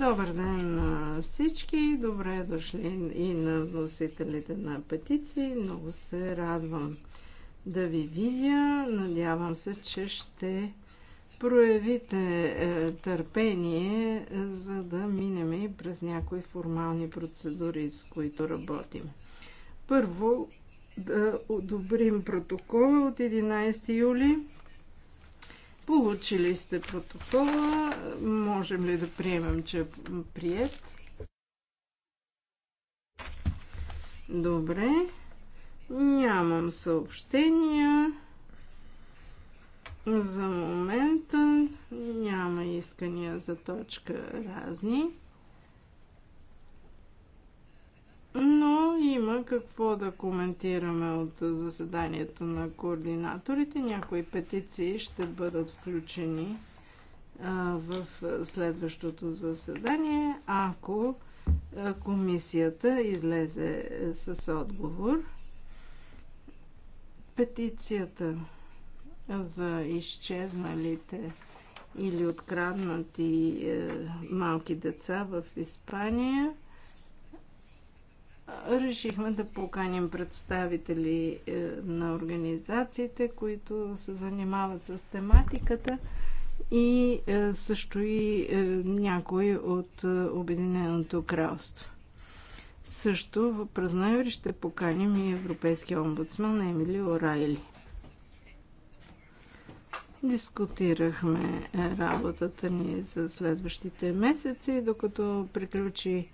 Добър ден на всички. Добре дошли и на носителите на петиции. Много се радвам да ви видя. Надявам се, че ще проявите е, търпение, за да минем и през някои формални процедури, с които работим. Първо да одобрим протокола от 11 юли Получили сте протокола. Можем ли да приемем, че е прият? Добре. Нямам съобщения. За момента няма искания за точка разни. но има какво да коментираме от заседанието на координаторите. Някои петиции ще бъдат включени в следващото заседание, ако комисията излезе е, с отговор. Петицията за изчезналите или откраднати е, малки деца в Испания решихме да поканим представители е, на организациите, които се занимават с тематиката и е, също и е, някой от Обединеното кралство. Също през ноември ще поканим и Европейския омбудсман Емили Орайли. Дискутирахме работата ни за следващите месеци, докато приключи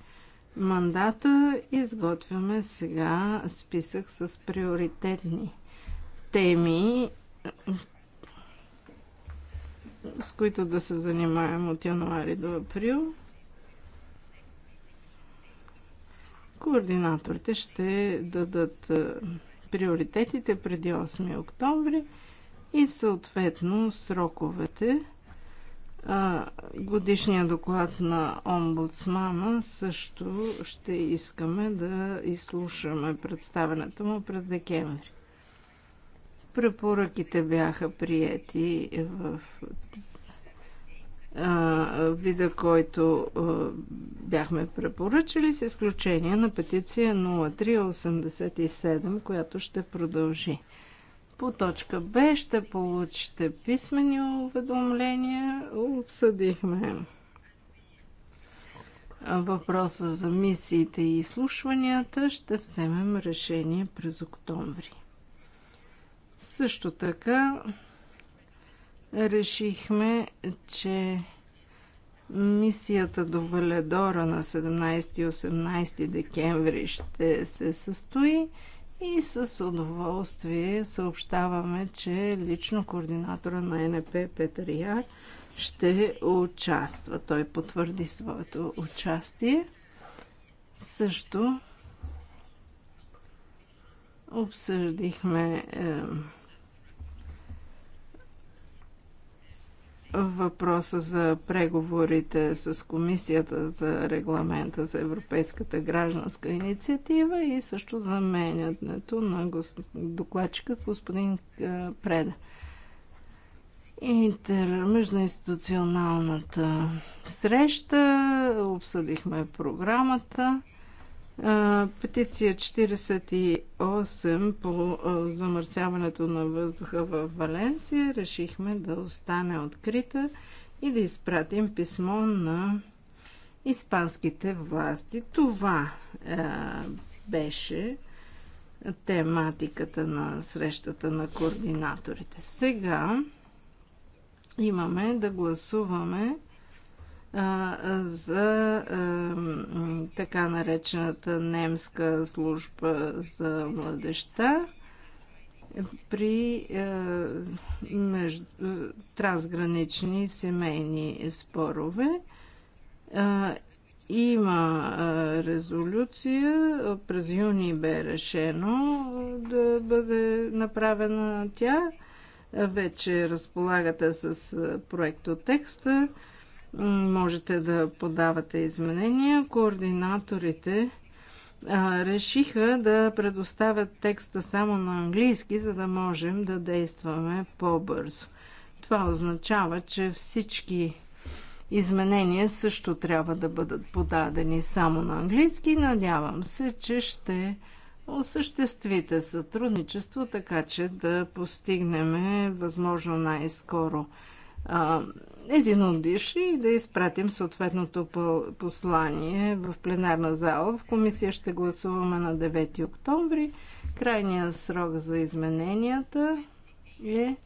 мандата изготвяме сега списък с приоритетни теми, с които да се занимаем от януари до април. Координаторите ще дадат приоритетите преди 8 октомври и съответно сроковете – годишния доклад на омбудсмана също ще искаме да изслушаме представенето му през декември. Препоръките бяха приети в вида, който бяхме препоръчали, с изключение на петиция 0387, която ще продължи. По точка Б ще получите писмени уведомления. Обсъдихме въпроса за мисиите и изслушванията. Ще вземем решение през октомври. Също така решихме, че мисията до Валедора на 17 и 18 декември ще се състои и с удоволствие съобщаваме, че лично координатора на НП Петър Яр ще участва. Той потвърди своето участие. Също обсъдихме въпроса за преговорите с Комисията за регламента за Европейската гражданска инициатива и също заменянето на докладчика с господин Преда. Интер, междуинституционалната среща, обсъдихме програмата. Петиция 48 по замърсяването на въздуха в Валенция решихме да остане открита и да изпратим писмо на испанските власти. Това е, беше тематиката на срещата на координаторите. Сега имаме да гласуваме за така наречената немска служба за младеща при между, трансгранични семейни спорове. Има резолюция, през юни бе решено да бъде направена тя. Вече разполагате с проектотекста текста Можете да подавате изменения. Координаторите решиха да предоставят текста само на английски, за да можем да действаме по-бързо. Това означава, че всички изменения също трябва да бъдат подадени само на английски. Надявам се, че ще осъществите сътрудничество, така че да постигнем възможно най-скоро един единодуши и да изпратим съответното послание в пленарна зала. В комисия ще гласуваме на 9 октомври. Крайният срок за измененията е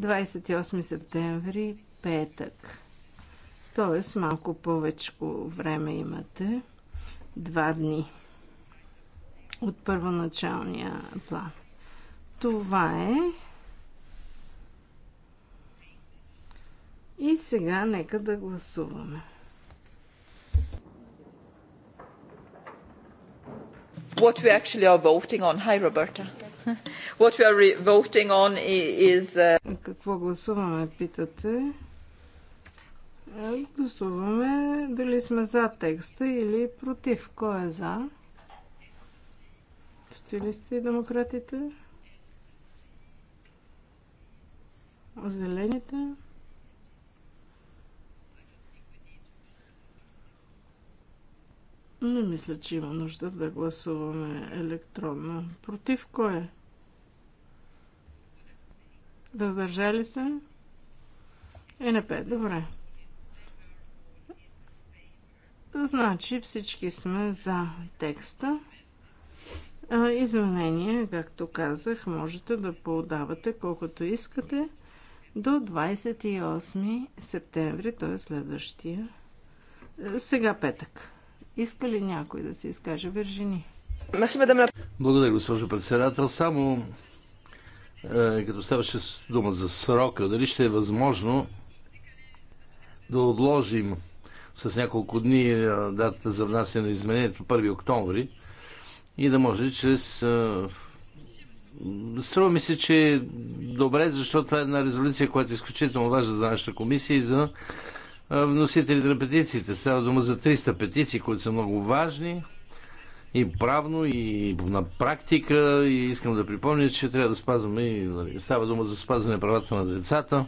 28 септември, петък. Тоест малко повече време имате. Два дни от първоначалния план. Това е. И сега нека да гласуваме. What we actually are voting on, hi Roberta. What we are voting on is... Uh... Какво гласуваме, питате? Е, гласуваме дали сме за текста или против. Кой е за? Социалистите и демократите? Зелените? Зелените? Не мисля, че има нужда да гласуваме електронно. Против кое? Въздържали се? ЕНП, добре. Значи всички сме за текста. Изменения, както казах, можете да поудавате колкото искате до 28 септември, т.е. следващия. Е, сега петък. Иска ли някой да се изкаже? Вержини. Благодаря, госпожо председател. Само е, като ставаше дума за срока, дали ще е възможно да отложим с няколко дни е, датата за внасяне на изменението 1 октомври и да може чрез е, Струва ми се, че е добре, защото това е една резолюция, която е изключително важна за нашата комисия и за вносителите на петициите. Става дума за 300 петиции, които са много важни и правно, и на практика. И искам да припомня, че трябва да спазваме и нали, става дума за спазване правата на децата.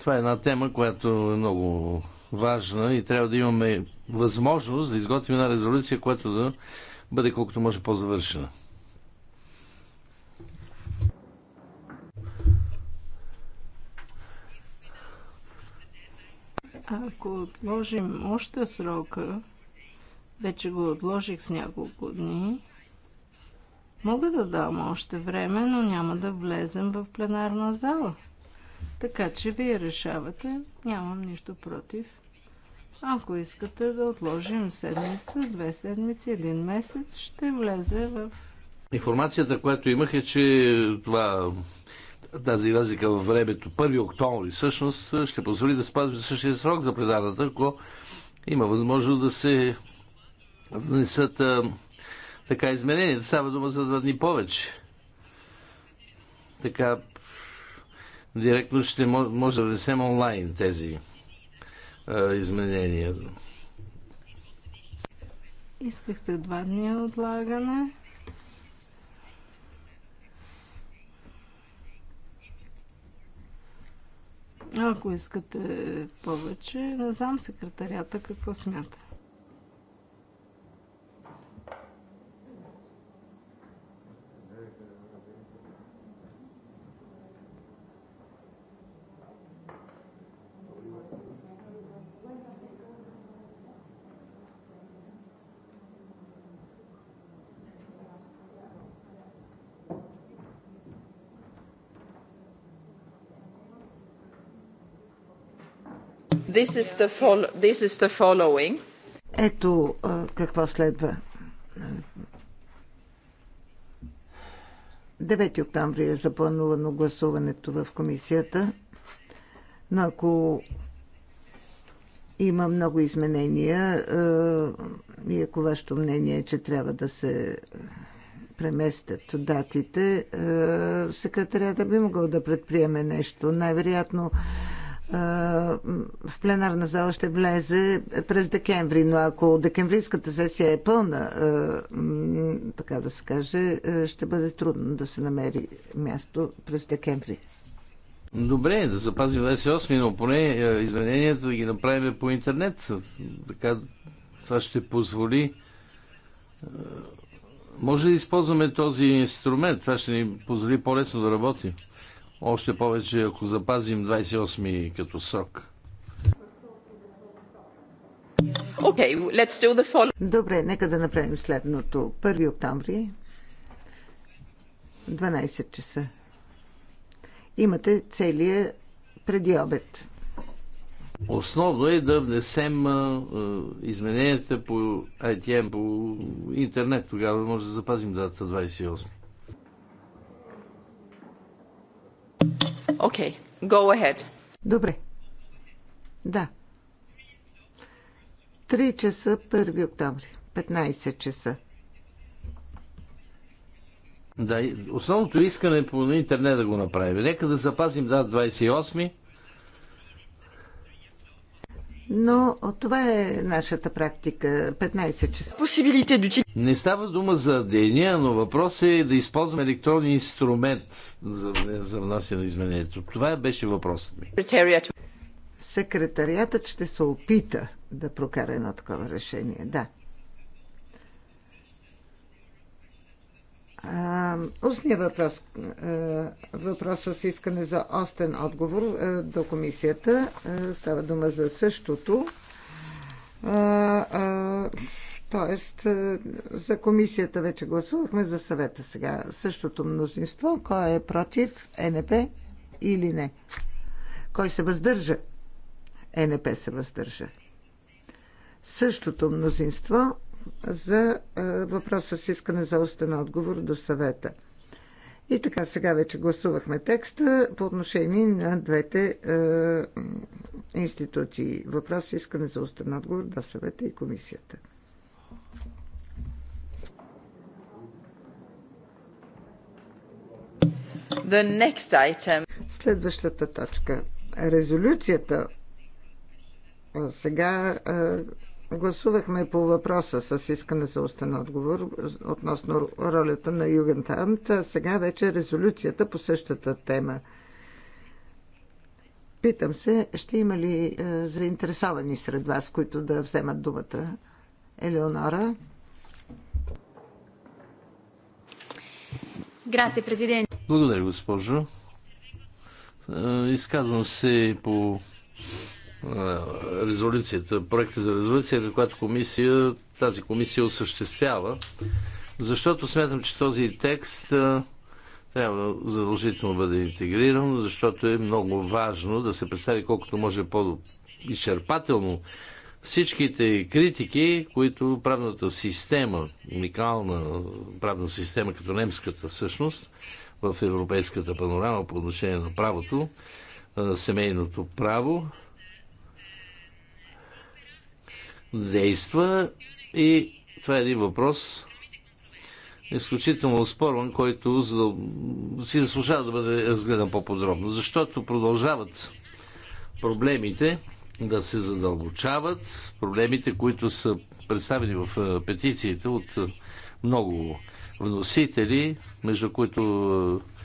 Това е една тема, която е много важна и трябва да имаме възможност да изготвим една резолюция, която да бъде колкото може по-завършена. Ако отложим още срока, вече го отложих с няколко дни, мога да дам още време, но няма да влезем в пленарна зала. Така че вие решавате, нямам нищо против. Ако искате да отложим седмица, две седмици, един месец, ще влезе в... Информацията, която имах е, че това тази разлика във времето, 1 октомври всъщност, е, ще позволи да спазваме същия срок за преданата, ако има възможност да се внесат а, така изменения. Става дума за два дни повече. Така директно ще може да внесем онлайн тези а, изменения. Искахте два дни отлагане. Ако искате повече, не знам секретарята какво смята. Ето какво следва. 9 октомври е запланувано гласуването в комисията, но ако има много изменения и ако вашето мнение е, че трябва да се преместят датите, секретарята би могъл да предприеме нещо. Най-вероятно в пленарна зала ще влезе през декември, но ако декемврийската сесия е пълна, така да се каже, ще бъде трудно да се намери място през декември. Добре, да запазим 28, но поне измененията да ги направим по интернет. Така това ще позволи. Може да използваме този инструмент. Това ще ни позволи по-лесно да работим. Още повече, ако запазим 28 като срок. Okay, let's do the follow- Добре, нека да направим следното. 1 октомври, 12 часа. Имате целия преди обед. Основно е да внесем а, измененията по ITM, по интернет. Тогава може да запазим дата 28. Okay, go ahead. Добре. Да. 3 часа 1 октомври. 15 часа. Да, основното искане по интернет да го направим. Нека да запазим дата 28 но това е нашата практика. 15 часа. Посибилите Не става дума за деня, но въпрос е да използваме електронния инструмент за, за внасяне на изменението. Това беше въпросът ми. Секретариатът ще се опита да прокара едно такова решение. Да. Устния въпрос, въпрос с искане за остен отговор до комисията. Става дума за същото. Тоест, за комисията вече гласувахме, за съвета сега. Същото мнозинство. Кой е против? Е НП или не? Кой се въздържа? Е НП се въздържа. Същото мнозинство за е, въпроса с искане за устен отговор до съвета. И така, сега вече гласувахме текста по отношение на двете е, институции. Въпрос с искане за устен отговор до съвета и комисията. The next item. Следващата точка. Резолюцията сега е, гласувахме по въпроса с искане за устен отговор относно ролята на Югентамт, а сега вече резолюцията по същата тема. Питам се, ще има ли е, заинтересовани сред вас, които да вземат думата? Елеонора? Грация, президент. Благодаря, госпожо. Е, изказвам се по резолюцията, проекта за резолюция, която комисия, тази комисия осъществява, защото смятам, че този текст трябва задължително бъде интегриран, защото е много важно да се представи колкото може по-изчерпателно всичките критики, които правната система, уникална правна система, като немската всъщност, в европейската панорама по отношение на правото, семейното право, действа и това е един въпрос изключително спорен, който си заслужава да бъде разгледан по-подробно, защото продължават проблемите да се задълбочават, проблемите, които са представени в е, петициите от е, много вносители, между които е,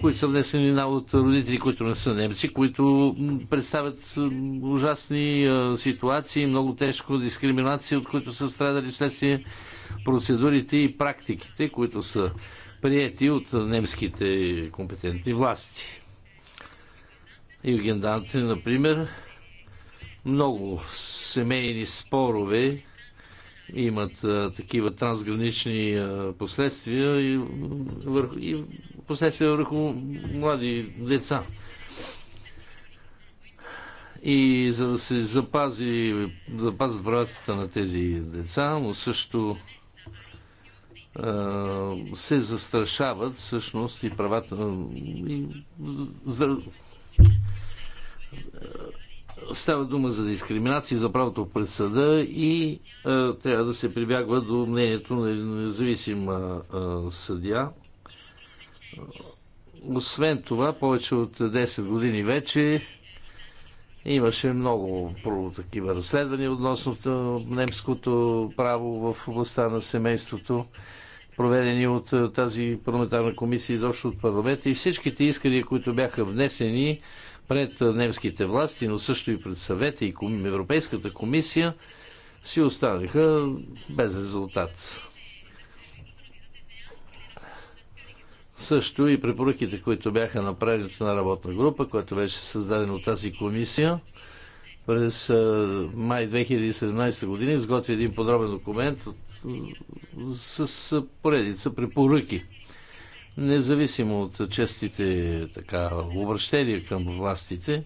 които са внесени от родители, които не са немци, които представят ужасни ситуации, много тежко дискриминация, от които са страдали следствие процедурите и практиките, които са приети от немските компетентни власти. Юген Данте, например, много семейни спорове имат а, такива трансгранични а, последствия и, върху, и последствия върху млади деца. И за да се запази, запазят правата на тези деца, но също а, се застрашават всъщност и правата и, става дума за дискриминация, за правото пред съда и а, трябва да се прибягва до мнението на независим а, а, съдия. Освен това, повече от 10 години вече имаше много такива разследвания относно немското право в областта на семейството, проведени от тази парламентарна комисия, изобщо от парламента и всичките искания, които бяха внесени, пред немските власти, но също и пред съвета и Европейската комисия, си останаха без резултат. Също и препоръките, които бяха направени на работна група, която беше създадена от тази комисия, през май 2017 година изготви един подробен документ с поредица препоръки. Независимо от честите така, обращения към властите,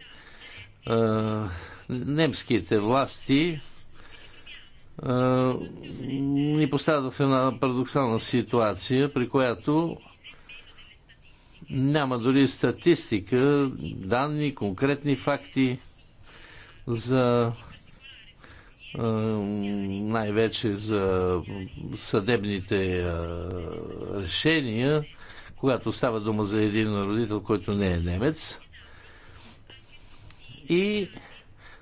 немските власти ни поставят в една парадоксална ситуация, при която няма дори статистика, данни, конкретни факти за най-вече за съдебните решения когато става дума за един родител, който не е немец. И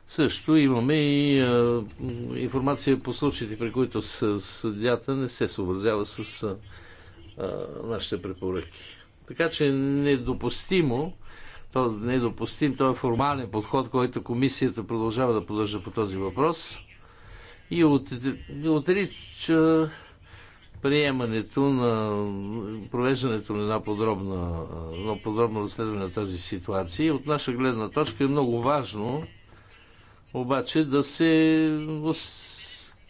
също имаме и а, информация по случаите, при които съдята не се съобразява с а, а, нашите препоръки. Така че недопустимо, то недопустим, то е формален подход, който комисията продължава да поддържа по този въпрос и отрича приемането на провеждането на една подробна, едно подробно разследване на тази ситуация. И от наша гледна точка е много важно обаче да се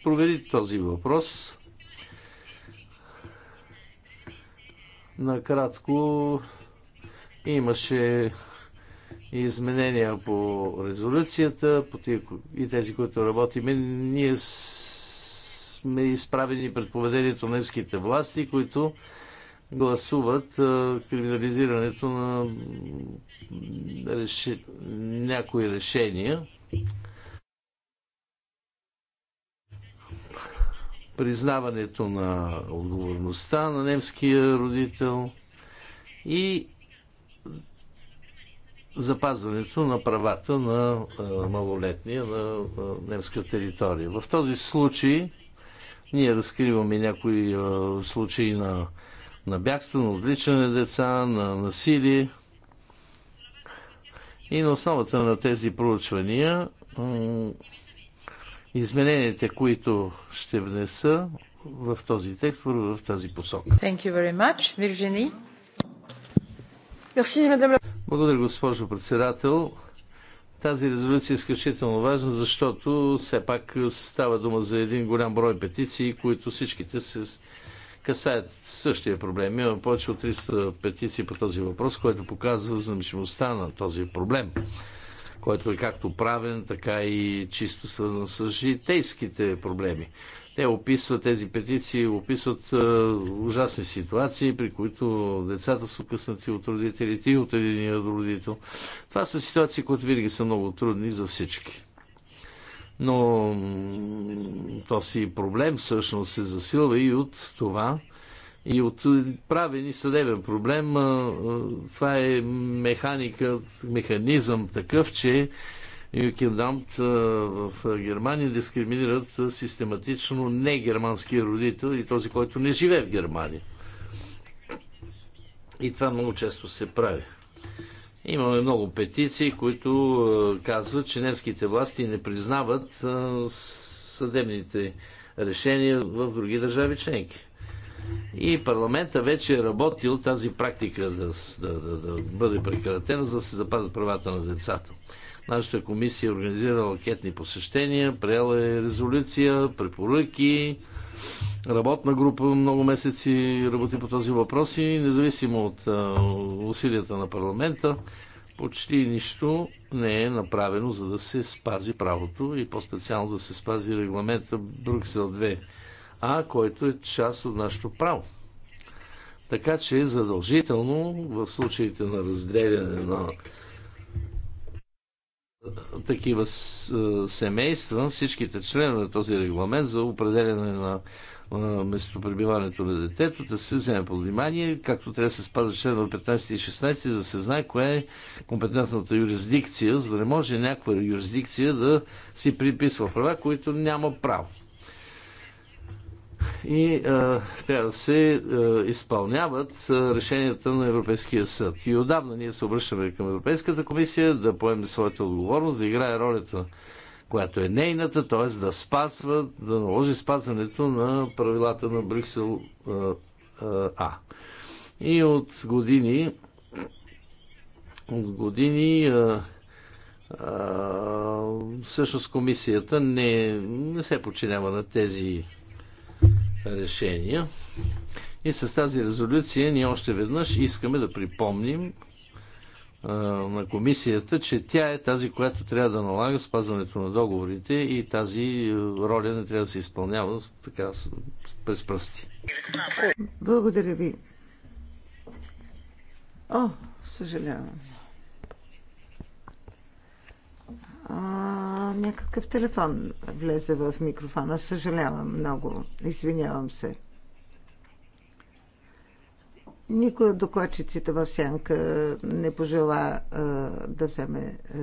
провери този въпрос. Накратко имаше изменения по резолюцията, по и тези, които работим. Ние сме изправени пред поведението на ирските власти, които гласуват криминализирането на реши... някои решения. Признаването на отговорността на немския родител и запазването на правата на малолетния на немска територия. В този случай ние разкриваме някои а, случаи на, на бягство, на отличане деца, на насилие. И на основата на тези проучвания измененията, които ще внеса в този текст, в тази посока. Thank you very much, Virginie. Благодаря, госпожо председател. Тази резолюция е изключително важна, защото все пак става дума за един голям брой петиции, които всичките се касаят същия проблем. Има повече от 300 петиции по този въпрос, което показва значимостта на този проблем, който е както правен, така и чисто свързан с житейските проблеми. Те описват тези петиции, описват е, ужасни ситуации, при които децата са откъснати от родителите и от единия родител. Това са ситуации, които винаги са много трудни за всички. Но този проблем всъщност се засилва и от това, и от правени съдебен проблем. Е, е, това е механика, механизъм такъв, че Киндамт в Германия дискриминират систематично не германския родител и този, който не живее в Германия. И това много често се прави. Имаме много петиции, които казват, че немските власти не признават съдебните решения в други държави членки. И парламента вече е работил тази практика да, да, да, да бъде прекратена, за да се запазят правата на децата. Нашата комисия е организирала анкетни посещения, приела е резолюция, препоръки, работна група много месеци работи по този въпрос и независимо от усилията на парламента, почти нищо не е направено, за да се спази правото и по-специално да се спази регламента Брюксел 2А, който е част от нашето право. Така че задължително в случаите на разделяне на такива семейства, всичките членове на този регламент за определене на местопребиването на детето, да се вземе под внимание, както трябва да се спазва членове 15 и 16, за да се знае кое е компетентната юрисдикция, за да не може някаква юрисдикция да си приписва права, които няма право и а, е, трябва да се а, е, изпълняват а, е, решенията на Европейския съд. И отдавна ние се обръщаме към Европейската комисия да поеме своята отговорност, да играе ролята, която е нейната, т.е. да спазва, да наложи спазването на правилата на Брюксел А. А. И от години от години а, всъщност комисията не, не се подчинява на тези решения. И с тази резолюция ние още веднъж искаме да припомним а, на комисията, че тя е тази, която трябва да налага спазването на договорите и тази роля не трябва да се изпълнява така през пръсти. Благодаря ви. О, съжалявам а, някакъв телефон влезе в микрофона. Съжалявам много. Извинявам се. Никой от докладчиците в Сянка не пожела а, да вземе а,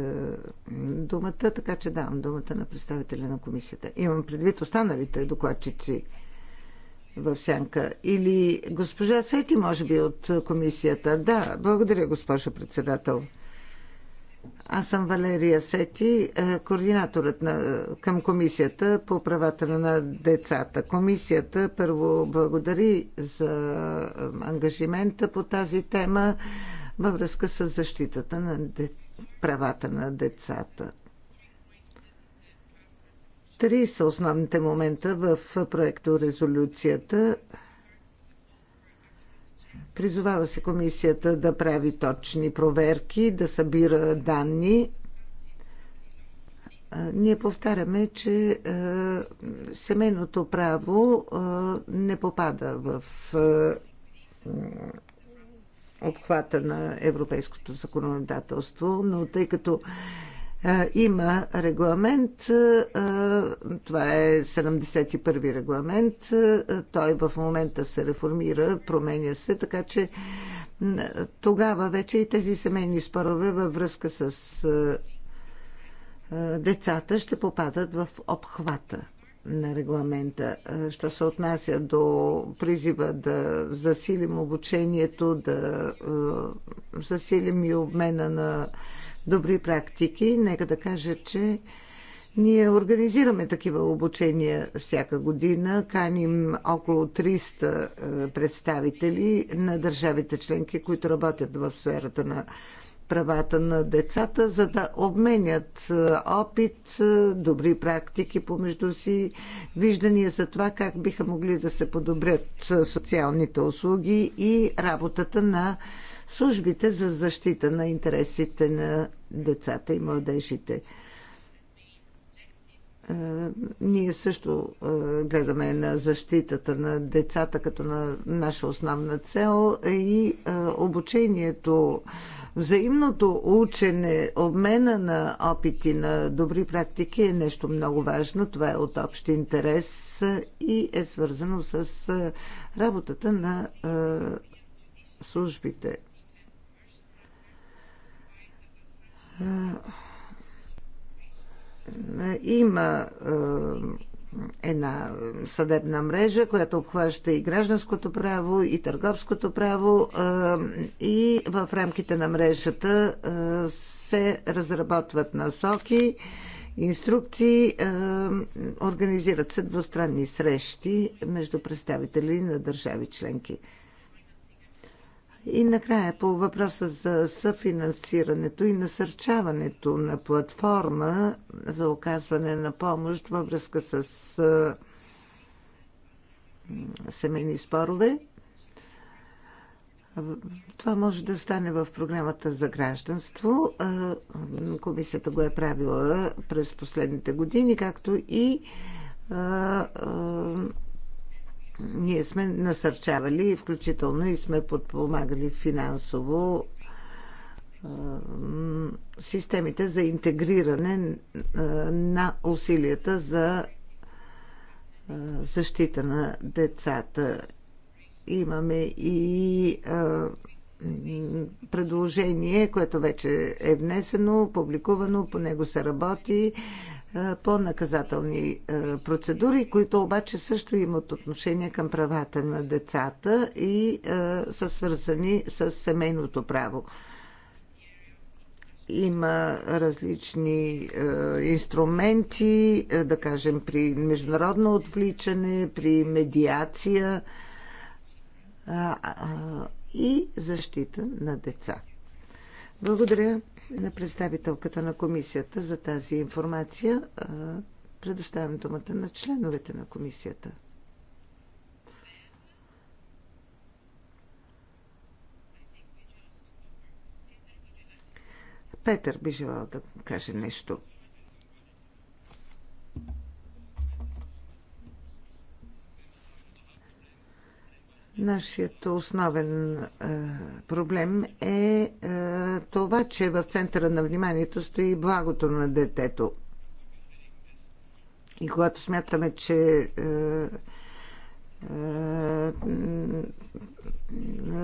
думата, така че давам думата на представителя на комисията. Имам предвид останалите докладчици в Сянка. Или госпожа Сети, може би, от комисията. Да, благодаря, госпожа председател. Аз съм Валерия Сети, е, координаторът на, към Комисията по правата на децата. Комисията първо благодари за ангажимента по тази тема във връзка с защитата на де, правата на децата. Три са основните момента в проекто резолюцията – Призовава се комисията да прави точни проверки, да събира данни. Ние повтаряме, че семейното право не попада в обхвата на европейското законодателство, но тъй като има регламент. Това е 71-и регламент. Той в момента се реформира, променя се, така че тогава вече и тези семейни спорове във връзка с децата ще попадат в обхвата на регламента. Що се отнася до призива да засилим обучението, да засилим и обмена на добри практики. Нека да кажа, че ние организираме такива обучения всяка година. Каним около 300 е, представители на държавите членки, които работят в сферата на правата на децата, за да обменят е, опит, е, добри практики помежду си, виждания за това как биха могли да се подобрят социалните услуги и работата на службите за защита на интересите на децата и младежите. Е, ние също е, гледаме на защитата на децата като на наша основна цел и е, обучението, взаимното учене, обмена на опити на добри практики е нещо много важно. Това е от общ интерес и е свързано с работата на службите Е, има е, една съдебна мрежа, която обхваща и гражданското право, и търговското право, е, и в рамките на мрежата се разработват насоки, инструкции, организират се двустранни срещи между представители на държави членки. И накрая по въпроса за съфинансирането и насърчаването на платформа за оказване на помощ във връзка с семейни спорове. Това може да стане в програмата за гражданство. Комисията го е правила през последните години, както и ние сме насърчавали, включително и сме подпомагали финансово системите за интегриране на усилията за защита на децата. Имаме и предложение, което вече е внесено, публикувано, по него се работи е, по наказателни е, процедури, които обаче също имат отношение към правата на децата и е, са свързани с семейното право. Има различни е, инструменти, е, да кажем, при международно отвличане, при медиация а, а, и защита на деца. Благодаря на представителката на комисията за тази информация. Предоставям думата на членовете на комисията. Петър би желал да каже нещо. Нашият основен а, е, проблем е, а, е, това, че в центъра на вниманието стои благото на детето. И когато смятаме, че а, е, е,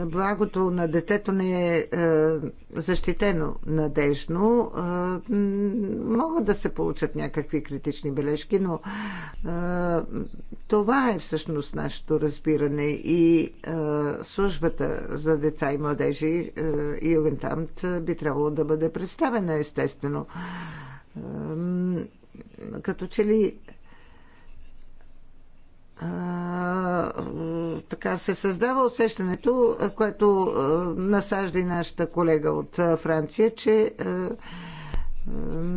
благото на детето не е, е защитено надежно, е, могат да се получат някакви критични бележки, но това е всъщност нашето разбиране и службата за деца и младежи и Югентамт би трябвало да бъде представена естествено. Като че ли а, така се създава усещането, което а, насажда и нашата колега от а, Франция, че а,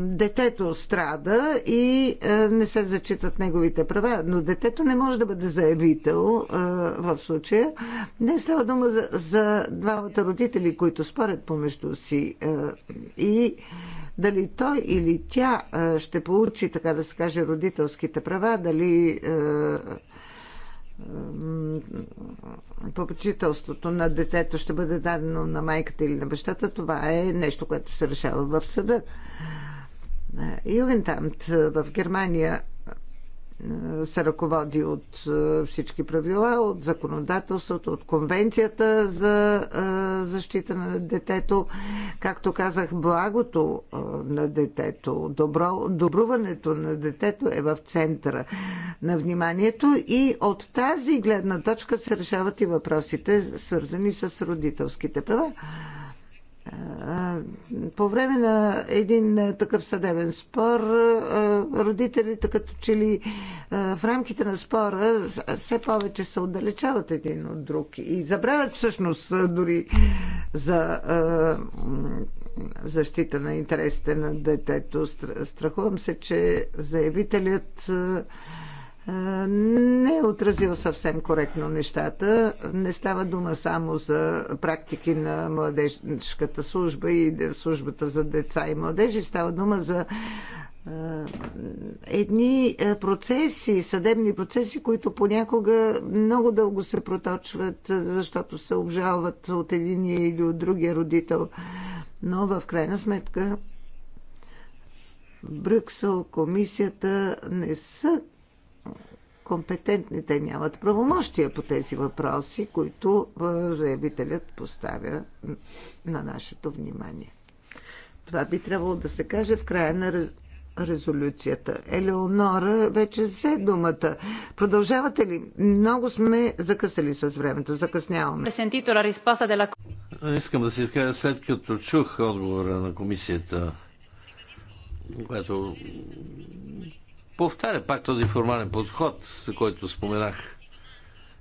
детето страда и а, не се зачитат неговите права. Но детето не може да бъде заявител а, в случая. Не става дума за, за двамата родители, които спорят помежду си а, и дали той или тя ще получи, така да се каже, родителските права, дали попечителството на детето ще бъде дадено на майката или на бащата, това е нещо, което се решава в съда. Югентамт в Германия се ръководи от е, всички правила, от законодателството, от конвенцията за е, защита на детето. Както казах, благото е, на детето, добро, добруването на детето е в центъра на вниманието и от тази гледна точка се решават и въпросите, свързани с родителските права. По време на един е, такъв съдебен спор, е, родителите като че ли е, в рамките на спора все повече се отдалечават един от друг и забравят всъщност дори за защита на интересите на детето. Страхувам се, че заявителят не е отразил съвсем коректно нещата. Не става дума само за практики на младежката служба и службата за деца и младежи. Става дума за едни процеси, съдебни процеси, които понякога много дълго се проточват, защото се обжалват от единия или от другия родител. Но в крайна сметка Брюксел, комисията не са компетентни. Те нямат правомощия по тези въпроси, които е, заявителят поставя на нашето внимание. Това би трябвало да се каже в края на резолюцията. Елеонора вече взе думата. Продължавате ли? Много сме закъсали с времето. Закъсняваме. Искам да се изкажа след като чух отговора на комисията, която повтаря пак този формален подход, за който споменах.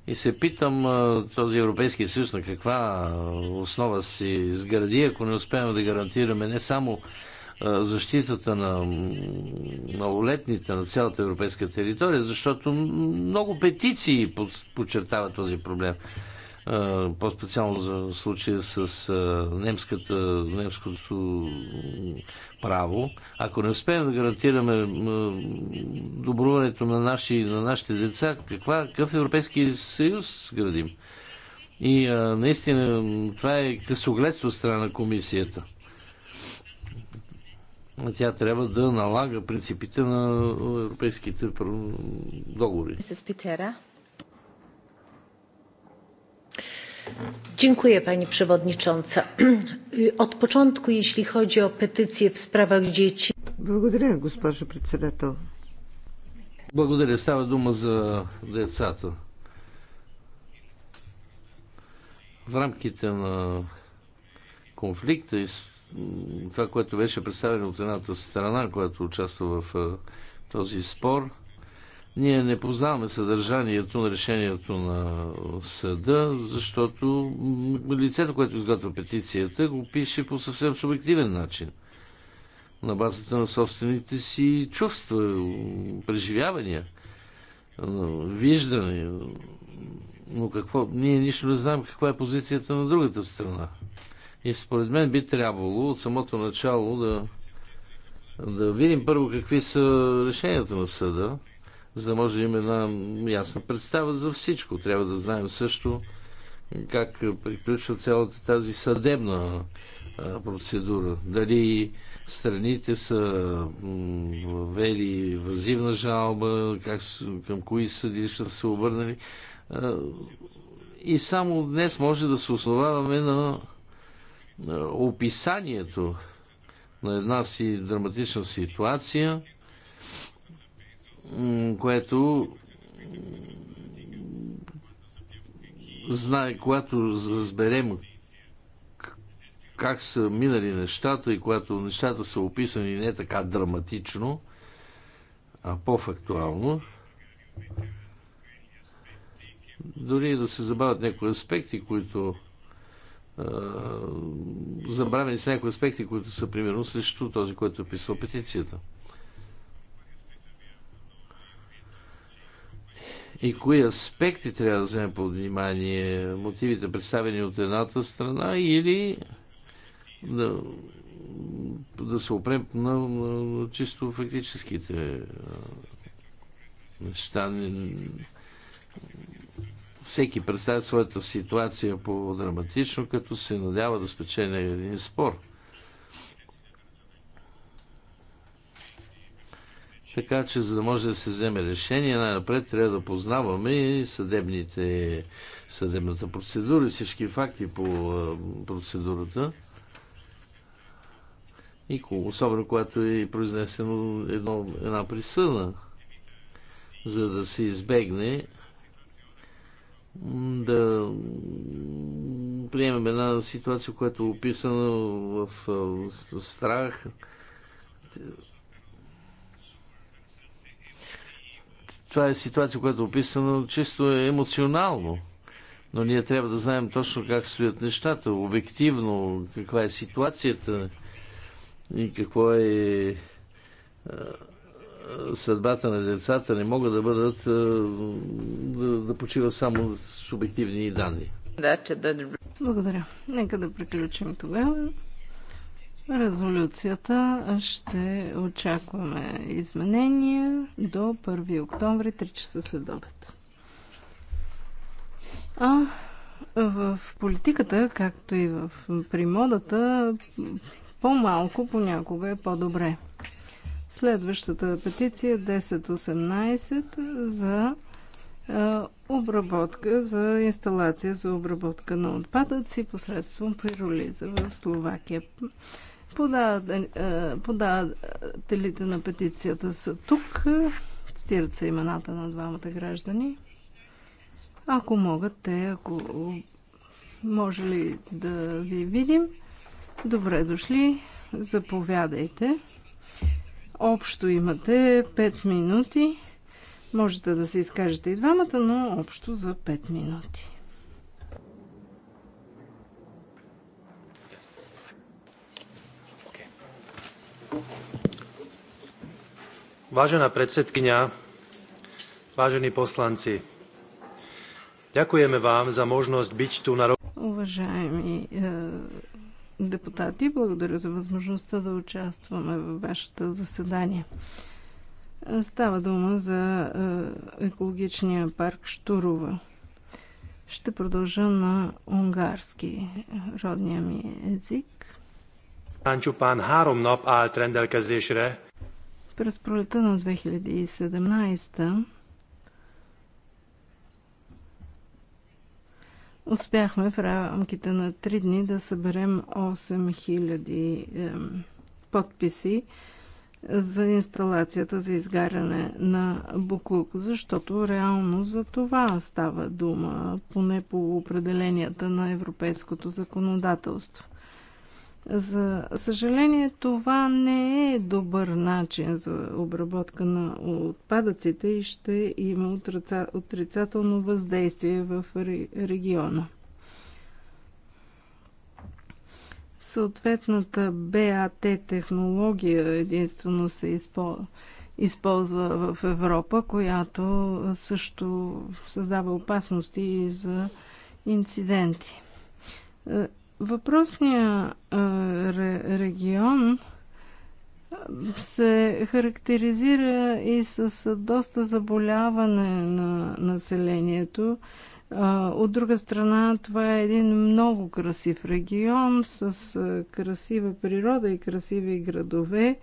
И се питам този Европейски съюз на каква основа си изгради, ако не успеем да гарантираме не само защитата на малолетните на цялата европейска територия, защото много петиции подчертават този проблем по-специално за случая с немската, немското право, ако не успеем да гарантираме добруването на, наши, на нашите деца, каква, какъв Европейски съюз градим? И а, наистина това е късогледство страна на комисията. Тя трябва да налага принципите на европейските договори. Питера. pani przewodnicząca! От початку, jeśli chodzi o petycje w sprawach dzieci. Благодаря, госпожо председател. Благодаря. Става дума за децата. В рамките на конфликта и това, което беше представено от едната страна, която участва в този спор, ние не познаваме съдържанието на решението на съда, защото лицето, което изготвя петицията, го пише по съвсем субективен начин. На базата на собствените си чувства, преживявания, виждане. Но какво? Ние нищо не знаем каква е позицията на другата страна. И според мен би трябвало от самото начало да, да видим първо какви са решенията на съда, за да може да имаме една ясна представа за всичко. Трябва да знаем също как приключва цялата тази съдебна процедура. Дали страните са вели вазивна жалба, как, към кои съдилища са обърнали. И само днес може да се основаваме на описанието на една си драматична ситуация – което знае, когато разберем как са минали нещата и когато нещата са описани не така драматично, а по-фактуално, дори да се забавят някои аспекти, които забравени с някои аспекти, които са примерно срещу този, който е писал петицията. и кои аспекти трябва да вземем под внимание? Мотивите представени от едната страна или да, да се опрем на, на, на чисто фактическите неща? Всеки представя своята ситуация по-драматично, като се надява да спечели един спор. Така че, за да може да се вземе решение, най-напред трябва да познаваме съдебните, съдебната процедура и всички факти по е, процедурата. И особено когато е произнесено едно, една присъда, за да се избегне да приемем една ситуация, която е описана в страх, Това е ситуация, която е описана чисто е емоционално. Но ние трябва да знаем точно как стоят нещата, обективно, каква е ситуацията и какво е, е съдбата на децата не могат да бъдат е, да, да почиват само субективни данни. Благодаря. Нека да приключим тогава. Резолюцията ще очакваме изменения до 1 октомври 3 часа след обед. А в политиката, както и в, при модата, по-малко понякога е по-добре. Следващата петиция 1018 е за обработка за инсталация за обработка на отпадъци посредством пиролиза в Словакия. Е, подателите на петицията са тук. стират се имената на двамата граждани. Ако могат те, ако може ли да ви видим, добре дошли, заповядайте. Общо имате 5 минути. Можете да се изкажете и двамата, но общо за 5 минути. vážená predsedkyňa vážení poslanci ďakujeme vám za možnosť byť tu na Уважаеми е, депутати, благодаря за възможността да участваме в вашето заседание. Става дума за е, екологичния парк Штурова. Ще продължа на унгарски, е, родния ми език. Пан Чупан, 3 nap állt през пролета на 2017 успяхме в рамките на 3 дни да съберем 8000 подписи за инсталацията за изгаряне на буклук, защото реално за това става дума, поне по определенията на европейското законодателство. За съжаление, това не е добър начин за обработка на отпадъците и ще има отрицателно въздействие в региона. Съответната БАТ технология единствено се използва в Европа, която също създава опасности и за инциденти е, Въпросния регион се характеризира и с доста заболяване на населението. От друга страна, това е един много красив регион с красива природа и красиви градове.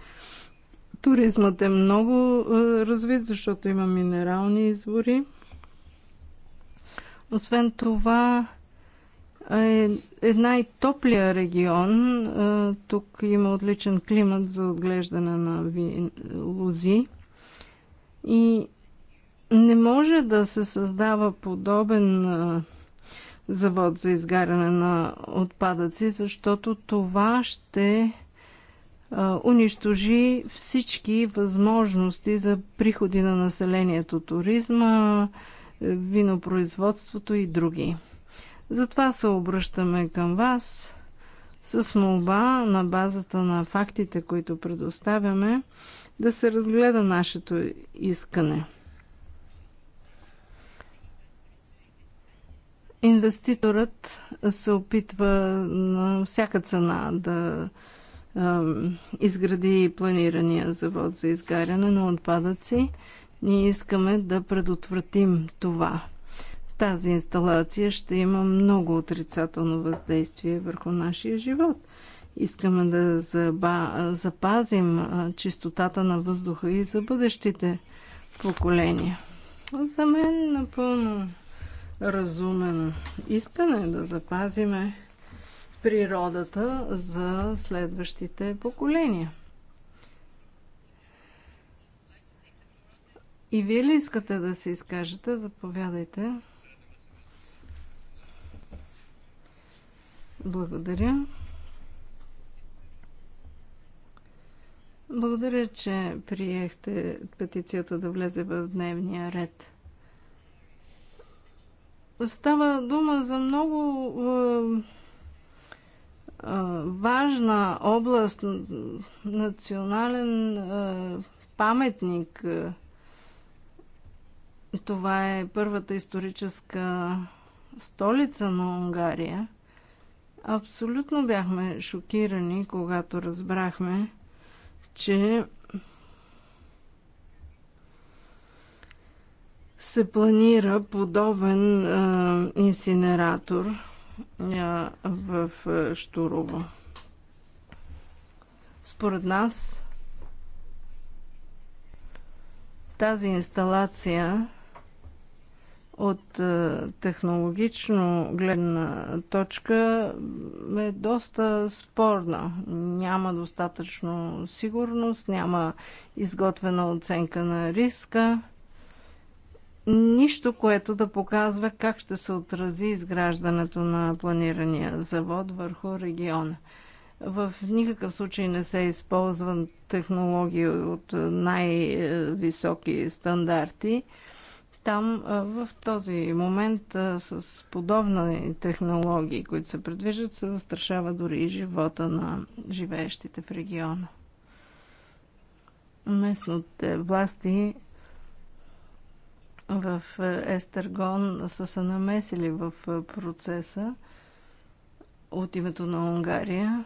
Туризмът е много развит, защото има минерални извори. Освен това, е една и топлия регион. Тук има отличен климат за отглеждане на лози. И не може да се създава подобен завод за изгаряне на отпадъци, защото това ще унищожи всички възможности за приходи на населението, туризма, винопроизводството и други. Затова се обръщаме към вас с молба на базата на фактите, които предоставяме, да се разгледа нашето искане. Инвеститорът се опитва на всяка цена да изгради планирания завод за изгаряне на отпадъци. Ние искаме да предотвратим това тази инсталация ще има много отрицателно въздействие върху нашия живот. Искаме да запазим чистотата на въздуха и за бъдещите поколения. За мен напълно разумен искане е да запазиме природата за следващите поколения. И вие ли искате да се изкажете? Заповядайте. Благодаря. Благодаря, че приехте петицията да влезе в дневния ред. Става дума за много е, е, важна област, национален е, паметник. Това е първата историческа столица на Унгария. Абсолютно бяхме шокирани, когато разбрахме, че се планира подобен а, инсинератор а, в а, Штурово. Според нас тази инсталация от е, технологично гледна точка е доста спорна. Няма достатъчно сигурност, няма изготвена оценка на риска. Нищо, което да показва как ще се отрази изграждането на планирания завод върху региона. В никакъв случай не се използват технологии от най-високи стандарти – там в този момент с подобни технологии, които се предвиждат, се застрашава дори и живота на живеещите в региона. Местните власти в Естергон са се намесили в процеса от името на Унгария.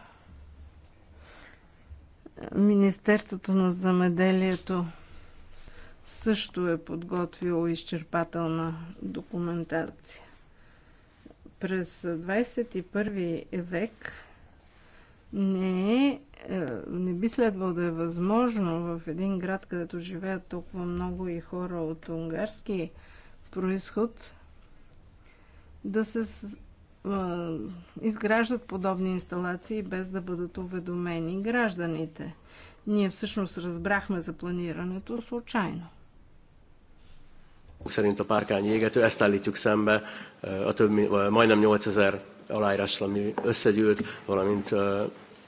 Министерството на замеделието също е подготвило изчерпателна документация. През 21 век не, е, е, не би следвало да е възможно в един град, където живеят толкова много и хора от унгарски происход, да се изграждат подобни инсталации без да бъдат уведомени гражданите. Ние всъщност разбрахме за планирането случайно nálunk szerint a párkány égető, ezt állítjuk szembe eh, a több, eh, majdnem 8000 aláírással, ami összegyűlt, valamint eh,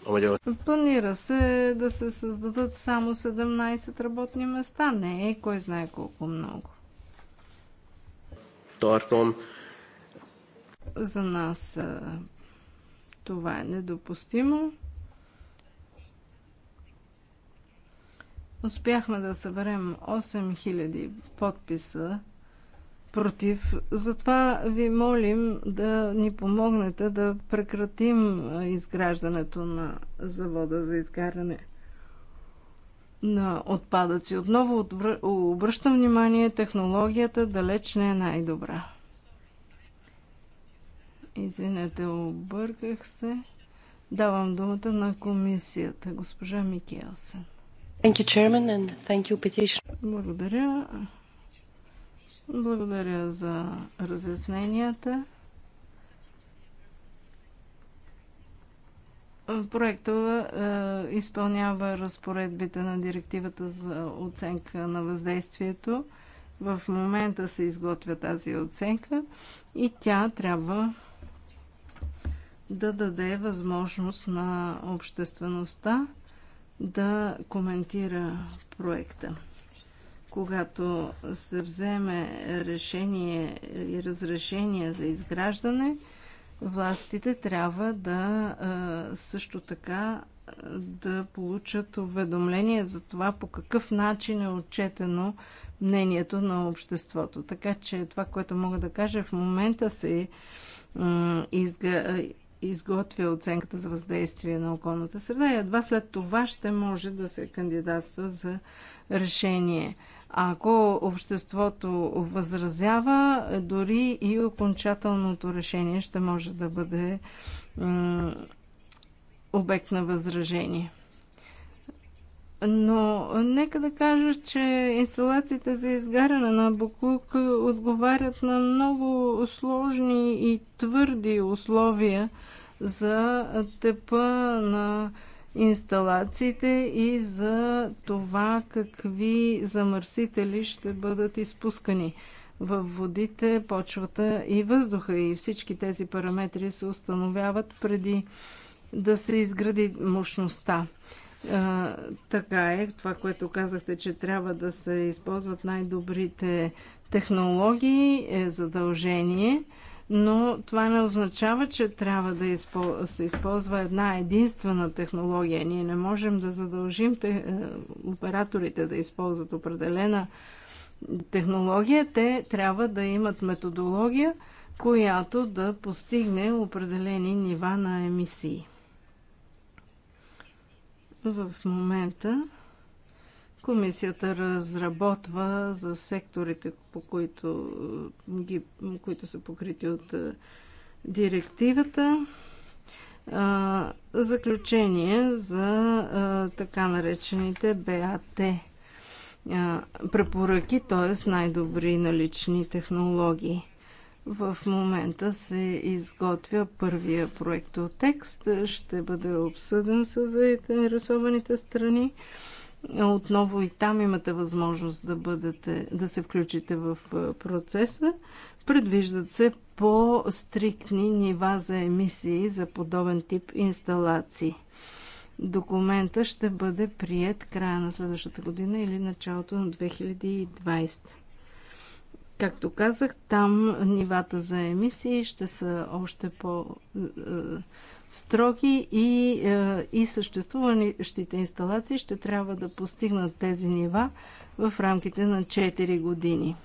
a magyar... Планира се да се създадат само 17 работни места. Не е кой знае колко много. Тартон. За нас е, това е недопустимо. Успяхме да съберем 8000 подписа против. Затова ви молим да ни помогнете да прекратим изграждането на завода за изгаряне на отпадъци. Отново обръщам внимание, технологията далеч не е най-добра. Извинете, обърках се. Давам думата на комисията, госпожа Микелсен. Благодаря. Благодаря за разясненията. Проектът е, изпълнява разпоредбите на директивата за оценка на въздействието. В момента се изготвя тази оценка и тя трябва да даде възможност на обществеността да коментира проекта когато се вземе решение и разрешение за изграждане, властите трябва да също така да получат уведомление за това по какъв начин е отчетено мнението на обществото. Така че това, което мога да кажа, е в момента се изготвя оценката за въздействие на околната среда и едва след това ще може да се кандидатства за решение. А ако обществото възразява, дори и окончателното решение ще може да бъде обект на възражение. Но нека да кажа, че инсталациите за изгаряне на буклук отговарят на много сложни и твърди условия за тепа на инсталациите и за това какви замърсители ще бъдат изпускани в водите, почвата и въздуха. И всички тези параметри се установяват преди да се изгради мощността. А, така е, това, което казахте, че трябва да се използват най-добрите технологии е задължение – но това не означава, че трябва да се използва една единствена технология. Ние не можем да задължим те... Е, операторите да използват определена технология. Те трябва да имат методология, която да постигне определени нива на емисии. В момента Комисията разработва за секторите, по които, е, ги, които са покрити от е, директивата, заключение за е, така наречените БАТ препоръки, т.е. най-добри налични технологии. В момента се изготвя първия проект от текст, ще бъде обсъден с заинтересованите страни. Отново и там имате възможност да, бъдете, да се включите в процеса. Предвиждат се по-стриктни нива за емисии за подобен тип инсталации. Документа ще бъде прият края на следващата година или началото на 2020. Както казах, там нивата за емисии ще са още по строги и, е, и съществуващите инсталации ще трябва да постигнат тези нива в рамките на 4 години.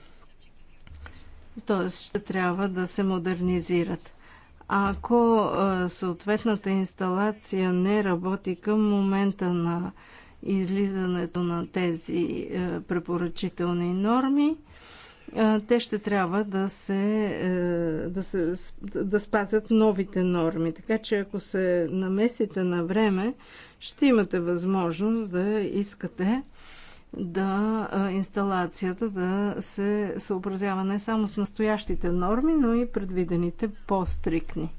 Тоест ще трябва да се модернизират. А ако е, съответната инсталация не работи към момента на излизането на тези е, препоръчителни норми, те ще трябва да се, е, да се да спазят новите норми. Така че ако се намесите на време, ще имате възможност да искате да инсталацията да се съобразява не само с настоящите норми, но и предвидените по-стрикни.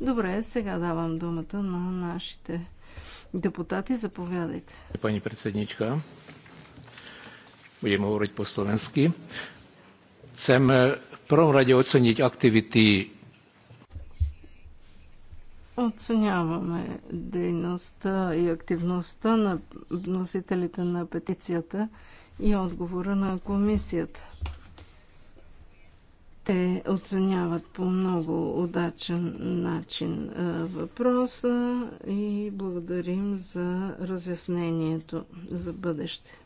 Добре, сега давам думата на нашите депутати. Заповядайте. Пани председничка, budem hovoriť по словенски Chcem v prvom rade oceniť aktivity Оценяваме дейността и активността на носителите на петицията и отговора на комисията. Те оценяват по много удачен начин въпроса и благодарим за разяснението за бъдеще.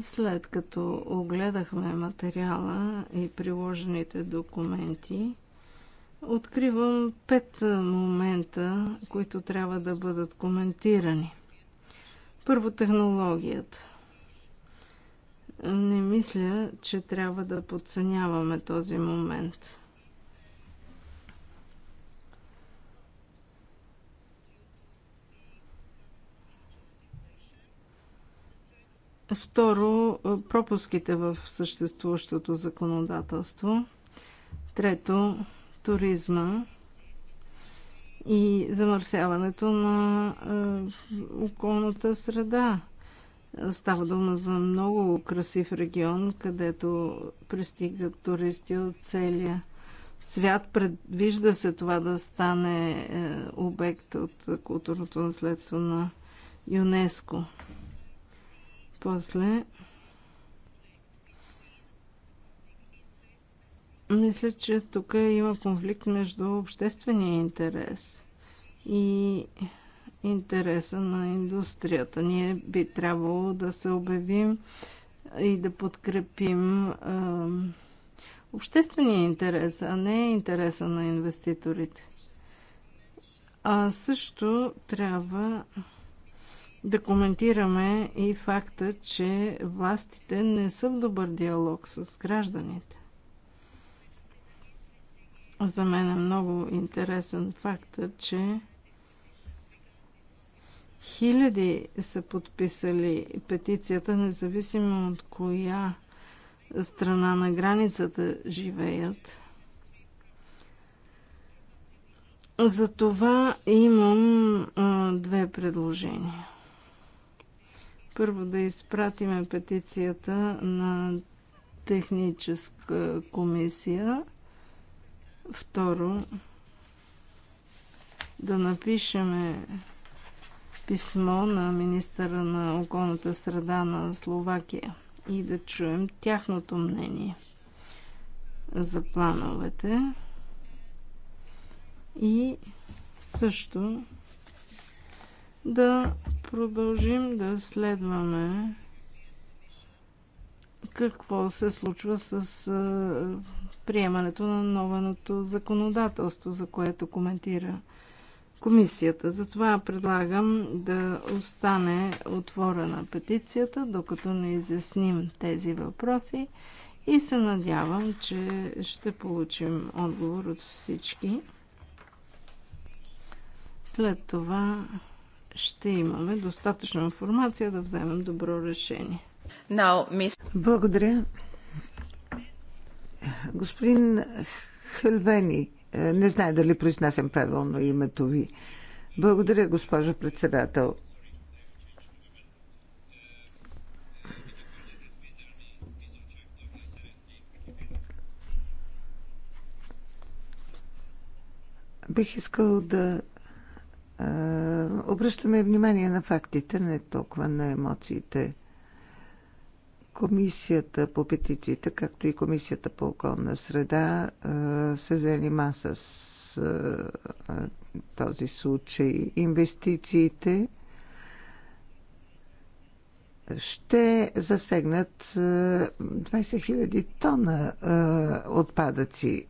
След като огледахме материала и приложените документи, откривам пет момента, които трябва да бъдат коментирани. Първо, технологията. Не мисля, че трябва да подценяваме този момент. Второ, е, пропуските в съществуващото законодателство. Трето, туризма и замърсяването на е, околната среда. Става дума за много красив регион, където пристигат туристи от целия свят. Предвижда се това да стане е, обект от културното наследство на ЮНЕСКО. После мисля, че тук има конфликт между обществения интерес и интереса на индустрията. Ние би трябвало да се обявим и да подкрепим е, обществения интерес, а не интереса на инвеститорите. А също трябва да коментираме и факта, че властите не са в добър диалог с гражданите. За мен е много интересен факта, че хиляди са подписали петицията, независимо от коя страна на границата живеят. За това имам а, две предложения. Първо да изпратиме петицията на техническа комисия. Второ, да напишеме писмо на министъра на околната среда на Словакия и да чуем тяхното мнение за плановете и също да продължим да следваме какво се случва с приемането на новеното законодателство, за което коментира комисията. Затова предлагам да остане отворена петицията, докато не изясним тези въпроси и се надявам, че ще получим отговор от всички. След това ще имаме достатъчно информация да вземем добро решение. Now, Благодаря. Господин Хелвени, е, не знае дали произнасям правилно името ви. Благодаря, госпожо председател. Бих искал да обръщаме внимание на фактите, не толкова на емоциите. Комисията по петициите, както и Комисията по околна среда, се занима с този случай. Инвестициите ще засегнат 20 000 тона отпадъци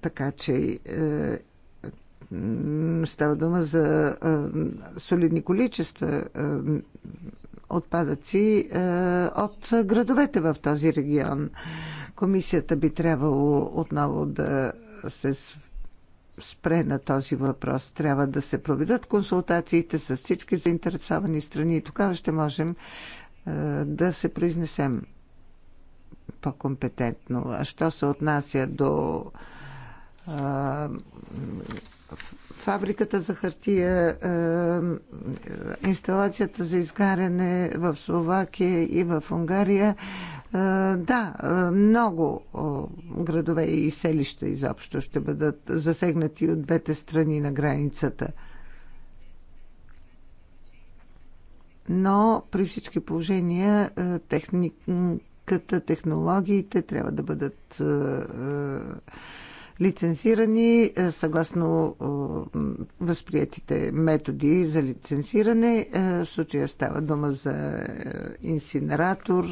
така че е, става дума за е, солидни количества е, отпадъци от градовете в този регион. Комисията би трябвало отново да се спре на този въпрос. Трябва да се проведат консултациите с всички заинтересовани страни и тогава ще можем да се произнесем по-компетентно. А що се отнася до а, фабриката за хартия, а, инсталацията за изгаряне в Словакия и в Унгария, а, да, много градове и селища изобщо ще бъдат засегнати от двете страни на границата. Но при всички положения техни техниката, технологиите трябва да бъдат е, е, лицензирани е, съгласно възприятите методи за лицензиране. В случая става дума за инсинератор,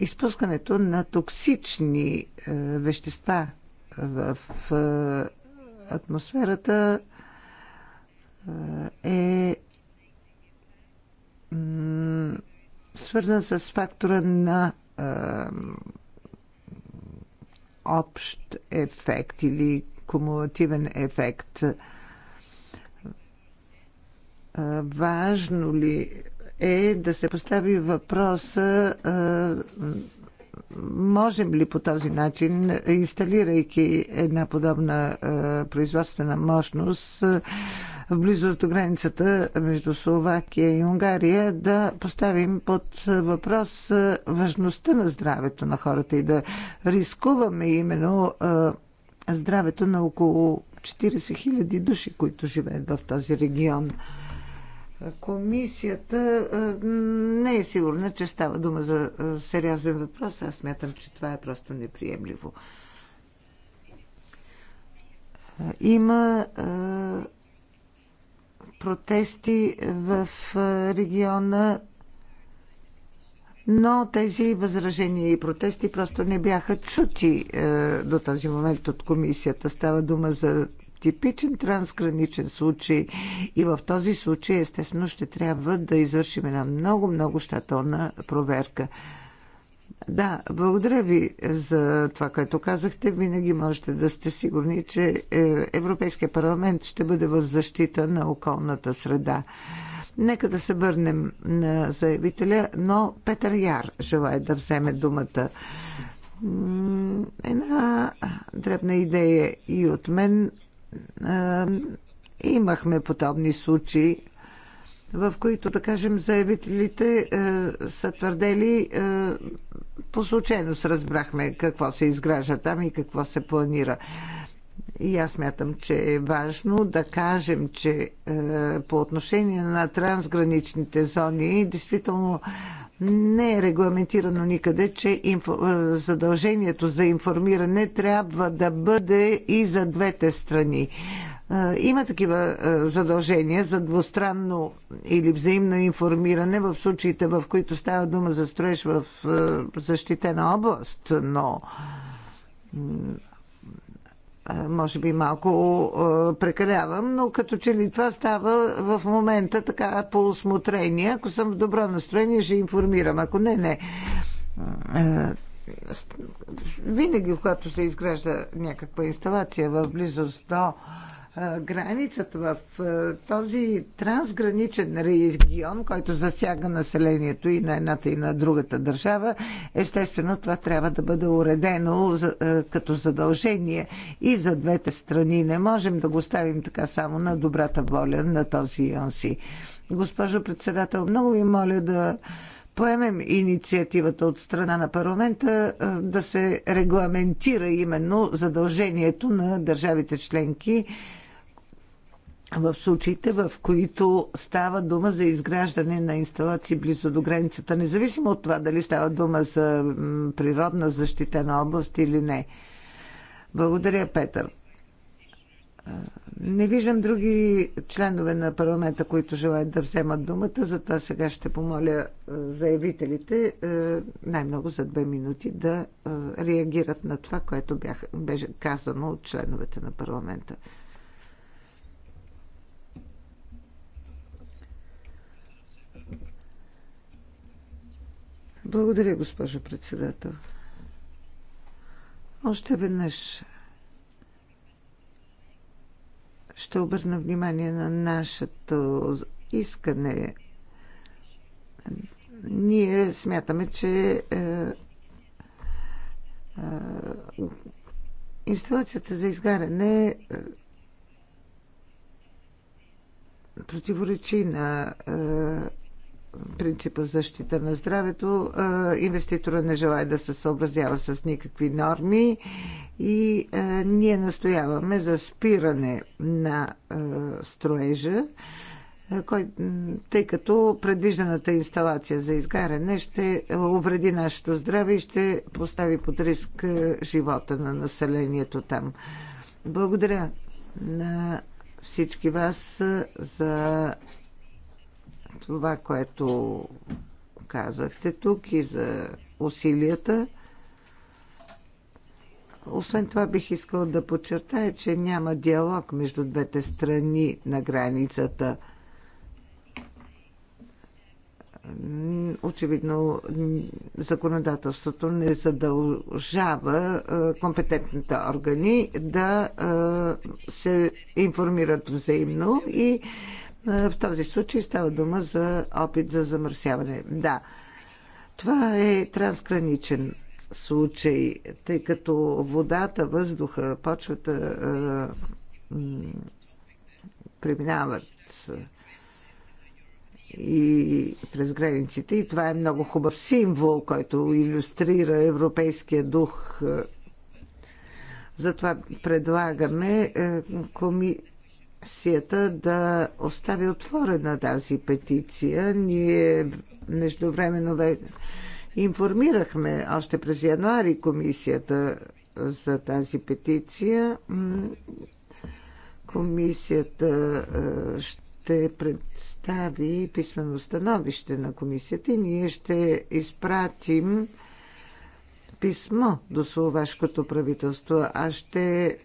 изпускането на токсични вещества в атмосферата е свързан с фактора на а, общ ефект или кумулативен ефект. Важно ли е да се постави въпроса можем ли по този начин, инсталирайки една подобна производствена мощност, в близост до границата между Словакия и Унгария да поставим под въпрос важността на здравето на хората и да рискуваме именно здравето на около 40 хиляди души, които живеят в този регион. Комисията не е сигурна, че става дума за сериозен въпрос. Аз смятам, че това е просто неприемливо. Има протести в региона, но тези възражения и протести просто не бяха чути до този момент от комисията. Става дума за типичен трансграничен случай и в този случай естествено ще трябва да извършим една много-много щателна проверка. Да, благодаря ви за това, което казахте. Винаги можете да сте сигурни, че е, Европейския парламент ще бъде в защита на околната среда. Нека да се върнем на заявителя, но Петър Яр желая да вземе думата. Една дребна идея и от мен. Имахме подобни случаи в които, да кажем, заявителите е, са твърдели е, по случайност разбрахме какво се изгражда там и какво се планира. И аз мятам, че е важно да кажем, че е, по отношение на трансграничните зони, действително не е регламентирано никъде, че инфо, е, задължението за информиране трябва да бъде и за двете страни има такива задължения за двустранно или взаимно информиране в случаите, в които става дума за строеж в защитена област, но може би малко прекалявам, но като че ли това става в момента така по осмотрение. Ако съм в добро настроение, ще информирам. Ако не, не. Винаги, когато се изгражда някаква инсталация в близост до границата в този трансграничен регион, който засяга населението и на едната и на другата държава, естествено това трябва да бъде уредено като задължение и за двете страни. Не можем да го ставим така само на добрата воля на този Йонси. Госпожо председател, много ви моля да поемем инициативата от страна на парламента да се регламентира именно задължението на държавите членки в случаите, в които става дума за изграждане на инсталации близо до границата, независимо от това дали става дума за природна защитена област или не. Благодаря, Петър. Не виждам други членове на парламента, които желаят да вземат думата, затова сега ще помоля заявителите най-много за две минути да реагират на това, което беше казано от членовете на парламента. Благодаря, госпожо председател. Още веднъж ще обърна внимание на нашето искане. Ние смятаме, че е, е, инсталацията за изгаряне е, противоречи на е, принципа защита на здравето, инвеститора не желая да се съобразява с никакви норми и ние настояваме за спиране на строежа, кой, тъй като предвижданата инсталация за изгаряне ще увреди нашето здраве и ще постави под риск живота на населението там. Благодаря на всички вас за това, което казахте тук и за усилията. Освен това бих искал да подчертая, че няма диалог между двете страни на границата. Очевидно, законодателството не задължава е, компетентните органи да е, се информират взаимно и е, в този случай става дума за опит за замърсяване. Да, това е трансграничен случай, тъй като водата, въздуха, почвата е, преминават е, и през границите. И това е много хубав символ, който иллюстрира европейския дух. Затова предлагаме коми комисията да остави отворена тази петиция. Ние междувременно информирахме още през януари комисията за тази петиция. Комисията ще представи писмено становище на комисията и ние ще изпратим писмо до словашкото правителство. Аз ще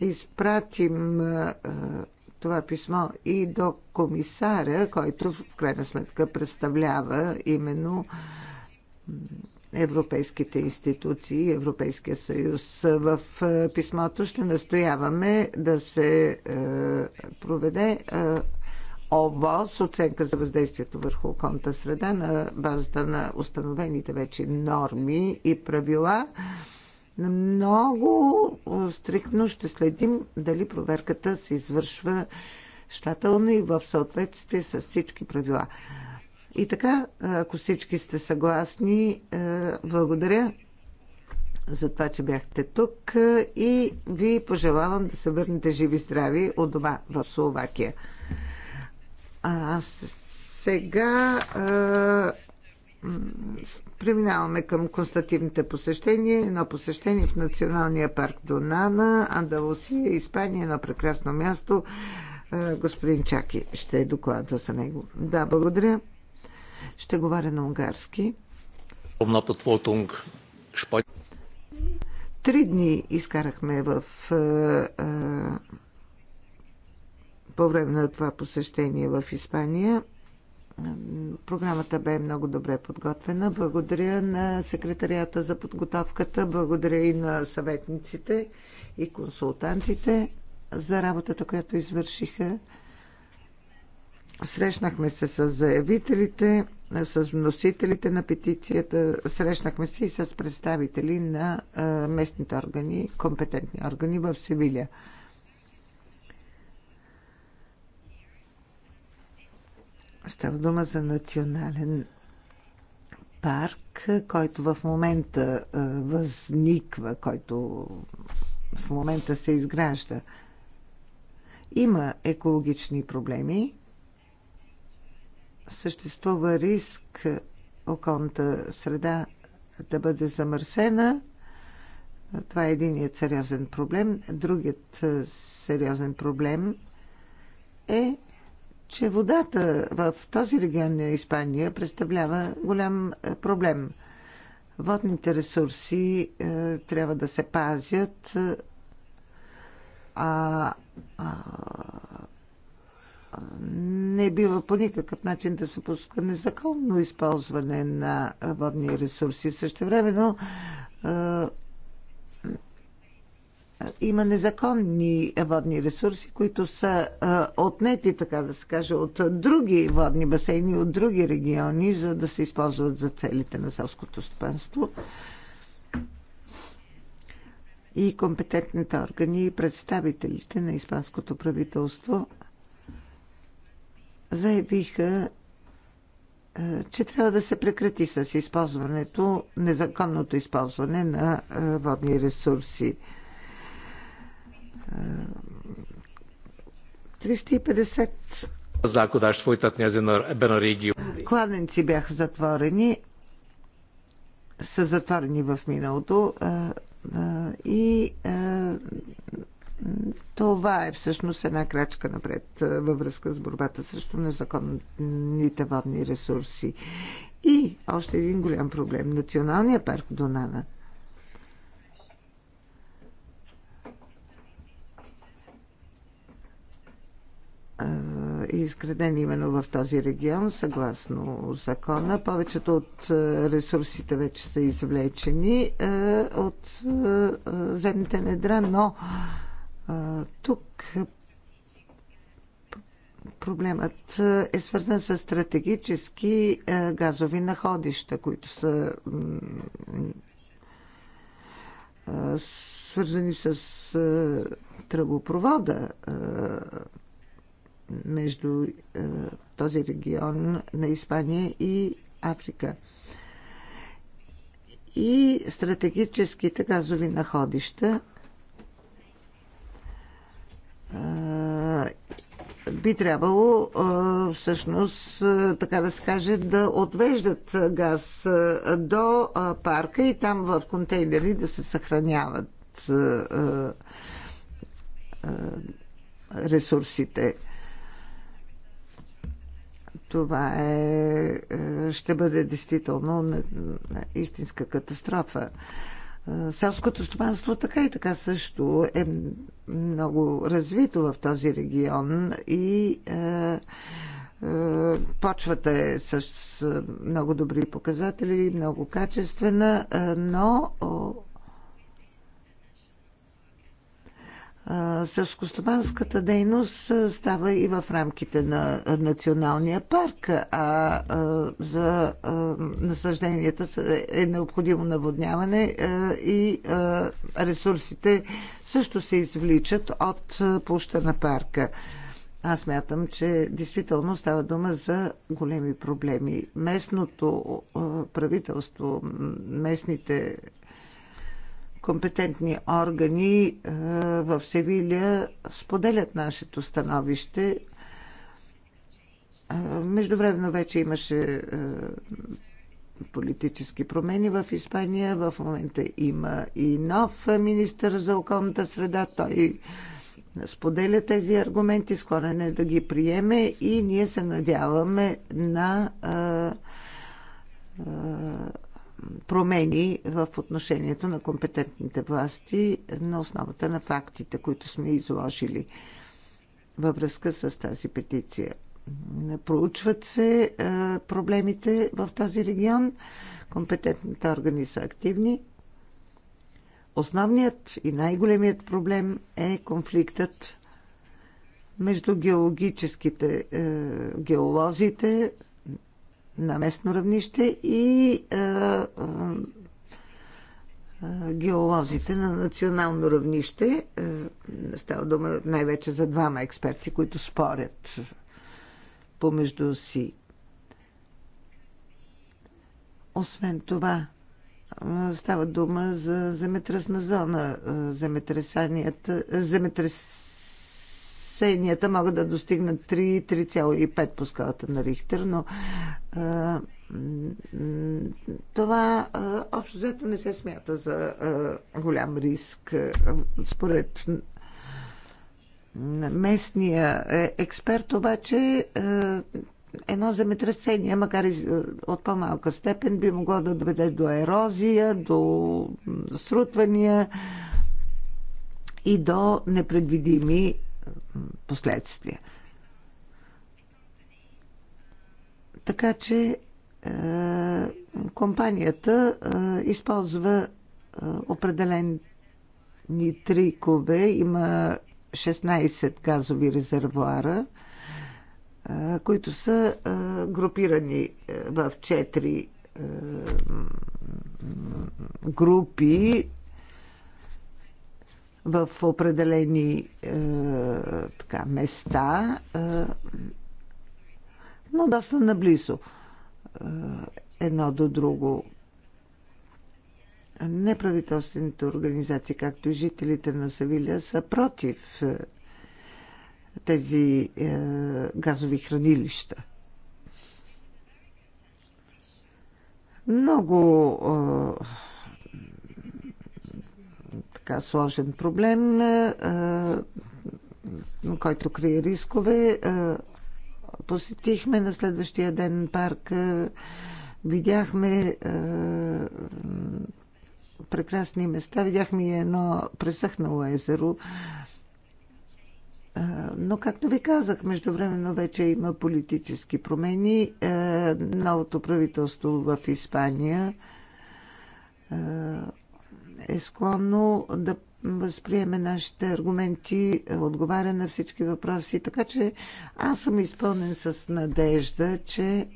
изпратим това писмо и до комисаря, който в крайна сметка представлява именно европейските институции, Европейския съюз. В писмото ще настояваме да се проведе ОВОС, оценка за въздействието върху околната среда на базата на установените вече норми и правила много стриктно ще следим дали проверката се извършва щателно и в съответствие с всички правила. И така, ако всички сте съгласни, благодаря за това, че бяхте тук и ви пожелавам да се върнете живи-здрави от дома в Словакия. А сега Преминаваме към констативните посещения. Едно посещение в Националния парк Донана, Андалусия, Испания, едно прекрасно място. Е, господин Чаки ще е докладва за него. Да, благодаря. Ще говоря на унгарски. Три дни изкарахме в е, е, по време на това посещение в Испания – Програмата бе много добре подготвена. Благодаря на секретарията за подготовката, благодаря и на съветниците и консултантите за работата, която извършиха. Срещнахме се с заявителите, с вносителите на петицията, срещнахме се и с представители на местните органи, компетентни органи в Севиля. Става дума за национален парк, който в момента възниква, който в момента се изгражда. Има екологични проблеми. Съществува риск околната среда да бъде замърсена. Това е единият сериозен проблем. Другият сериозен проблем е че водата в този регион на Испания представлява голям е, проблем. Водните ресурси е, трябва да се пазят, е, а, а не бива по никакъв начин да се пуска незаконно използване на водни ресурси. Също времено е, има незаконни водни ресурси, които са отнети, така да се каже, от други водни басейни, от други региони, за да се използват за целите на селското стопанство. И компетентните органи и представителите на испанското правителство заявиха, че трябва да се прекрати с използването, незаконното използване на водни ресурси. 350 Знакодаш folytat Кладенци бяха затворени, са затворени в миналото и това е всъщност една крачка напред във връзка с борбата срещу незаконните водни ресурси. И още един голям проблем. Националния парк Донана – Е, изграден именно в този регион, съгласно закона. Повечето от е, ресурсите вече са извлечени е, от земните недра, но тук проблемът е свързан с стратегически газови находища, които са свързани с тръбопровода между е, този регион на Испания и Африка. И стратегическите газови находища е, би трябвало е, всъщност, така да се каже, да отвеждат газ до парка и там в контейнери да се съхраняват ресурсите. Това е, е, ще бъде действително истинска катастрофа. Е, селското стопанство така и така също е много развито в този регион и е, е, почвата е с много добри показатели, много качествена, е, но Сълскостопанската дейност става и в рамките на националния парк, а за насъжденията е необходимо наводняване и ресурсите също се извличат от площа на парка. Аз мятам, че действително става дума за големи проблеми. Местното правителство, местните компетентни органи е, в Севилия споделят нашето становище. Е, междувременно вече имаше е, политически промени в Испания. В момента има и нов министър за околната среда. Той споделя тези аргументи, склонен е да ги приеме и ние се надяваме на а, а, промени в отношението на компетентните власти на основата на фактите, които сме изложили във връзка с тази петиция. Проучват се е, проблемите в този регион. Компетентните органи са активни. Основният и най-големият проблем е конфликтът между геологическите е, геолозите, на местно равнище и е, е, е, геолозите на национално равнище. става дума най-вече за двама експерти, които спорят помежду си. Освен това, става дума за земетръсна зона. Земетресанията, земетрес сенията могат да достигнат 3-3,5 по скалата на Рихтер, но а, това а, общо взето не се смята за а, голям риск. Според местния е, експерт обаче а, едно земетресение, макар и от по-малка степен, би могло да доведе до ерозия, до срутвания и до непредвидими последствия. Така че е, компанията е, използва е, определени трикове. Има 16 газови резервуара, които са групирани в 4 групи в определени е, така, места, е, но доста наблизо е, едно до друго. Неправителствените организации, както и жителите на Савилия, са против е, тези е, газови хранилища. Много. Е, така сложен проблем, който крие рискове. Посетихме на следващия ден парка, видяхме прекрасни места, видяхме и едно пресъхнало езеро. Но, както ви казах, междувременно вече има политически промени. Новото правителство в Испания е склонно да възприеме нашите аргументи, е, отговаря на всички въпроси. Така че аз съм изпълнен с надежда, че е,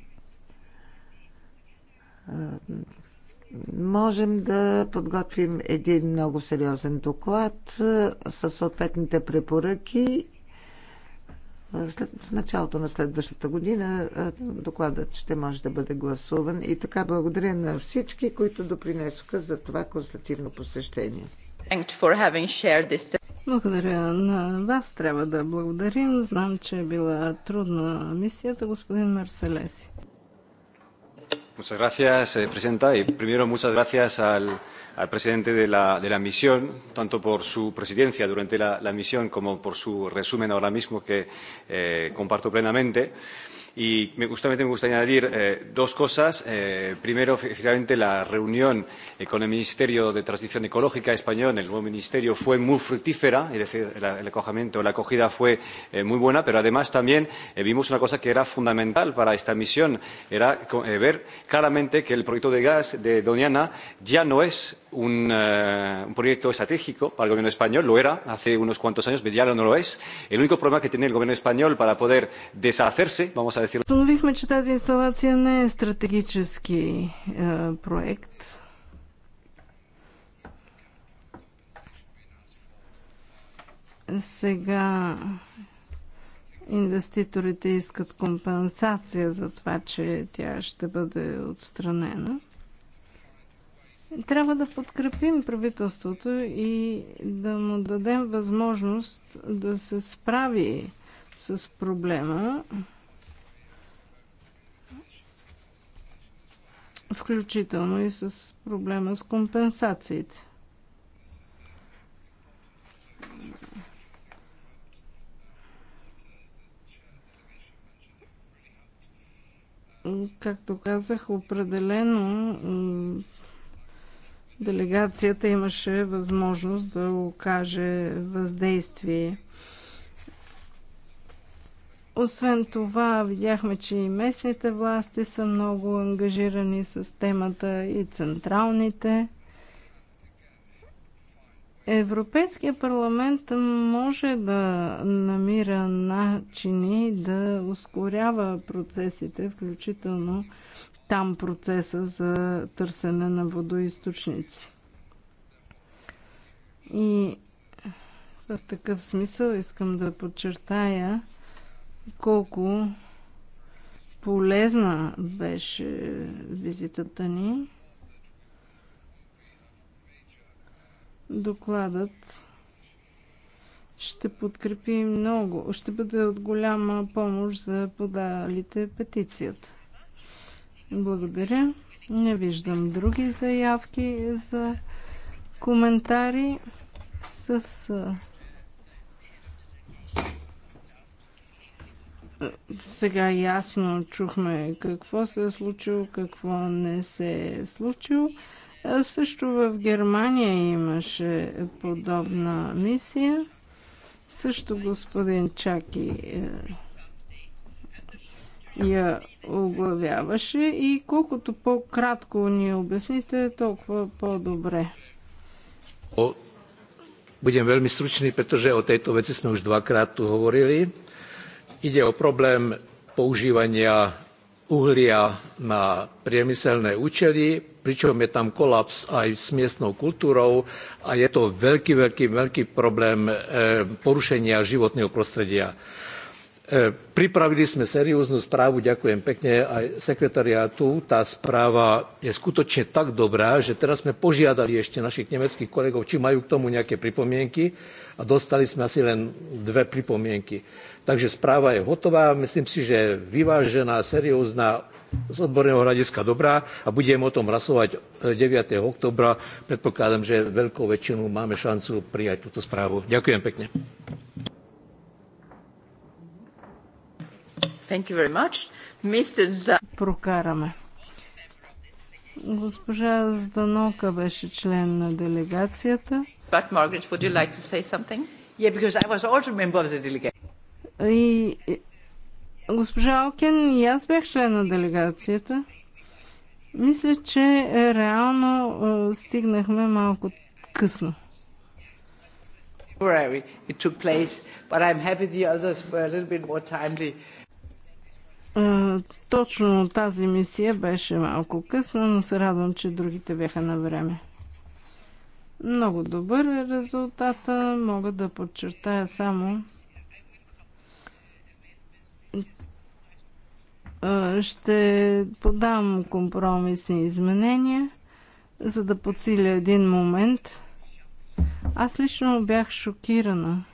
можем да подготвим един много сериозен доклад е, с съответните препоръки в началото на следващата година докладът ще може да бъде гласуван. И така благодаря на всички, които допринесоха за това констативно посещение. Благодаря на вас. Трябва да благодарим. Знам, че е била трудна мисията, господин Марселеси. Muchas gracias, eh, Presidenta. Y primero, muchas gracias al, al presidente de la, de la misión, tanto por su presidencia durante la, la misión como por su resumen ahora mismo, que eh, comparto plenamente. Y me, justamente me gustaría añadir eh, dos cosas. Eh, primero, efectivamente, la reunión eh, con el Ministerio de Transición Ecológica español, el nuevo ministerio, fue muy fructífera, es decir, el, el acogimiento, la acogida fue eh, muy buena, pero además también eh, vimos una cosa que era fundamental para esta misión, era eh, ver claramente que el proyecto de gas de Doñana ya no es un, un proyecto estratégico para el gobierno español, lo era hace unos cuantos años, ya no lo es. El único problema que tiene el gobierno español para poder deshacerse, vamos a decirlo. Установихме, че тази инсталация не е стратегически е, проект. Сега инвеститорите искат компенсация за това, че тя ще бъде отстранена. Трябва да подкрепим правителството и да му дадем възможност да се справи с проблема, включително и с проблема с компенсациите. Както казах, определено делегацията имаше възможност да окаже въздействие. Освен това, видяхме, че и местните власти са много ангажирани с темата и централните. Европейския парламент може да намира начини да ускорява процесите, включително там процеса за търсене на водоисточници. И в такъв смисъл искам да подчертая колко полезна беше визитата ни. Докладът ще подкрепи много, ще бъде от голяма помощ за подалите петицията. Благодаря. Не виждам други заявки за коментари с сега ясно чухме какво се е случило, какво не се е случило. Също в Германия имаше подобна мисия. Също господин Чаки е, я оглавяваше и колкото по-кратко ни обясните, толкова по-добре. Budem veľmi stručný, pretože o tejto veci sme už dvakrát tu hovorili. Ide o problém používania uhlia na priemyselné účely, pričom je tam kolaps aj s miestnou kultúrou a je to veľký, veľký, veľký problém porušenia životného prostredia. Pripravili sme serióznu správu, ďakujem pekne aj sekretariátu. Tá správa je skutočne tak dobrá, že teraz sme požiadali ešte našich nemeckých kolegov, či majú k tomu nejaké pripomienky a dostali sme asi len dve pripomienky. Takže správa je hotová, myslím si, že vyvážená, seriózna, z odborného hľadiska dobrá a budeme o tom hlasovať 9. oktobra. Predpokladám, že veľkou väčšinou máme šancu prijať túto správu. Ďakujem pekne. Thank you very much. Mr. Z... Прокараме. Госпожа Зданока беше член на делегацията. But Margaret, would you like to say something? Yeah, because I was also member of the delegation. И госпожа Окен, и аз бях член на делегацията. Мисля, че реално стигнахме малко късно. It took place, but I'm happy the others were a little bit more timely. Uh, точно тази мисия беше малко късна, но се радвам, че другите бяха на време. Много добър е резултата. Мога да подчертая само, ще подам компромисни изменения, за да подсиля един момент. Аз лично бях шокирана,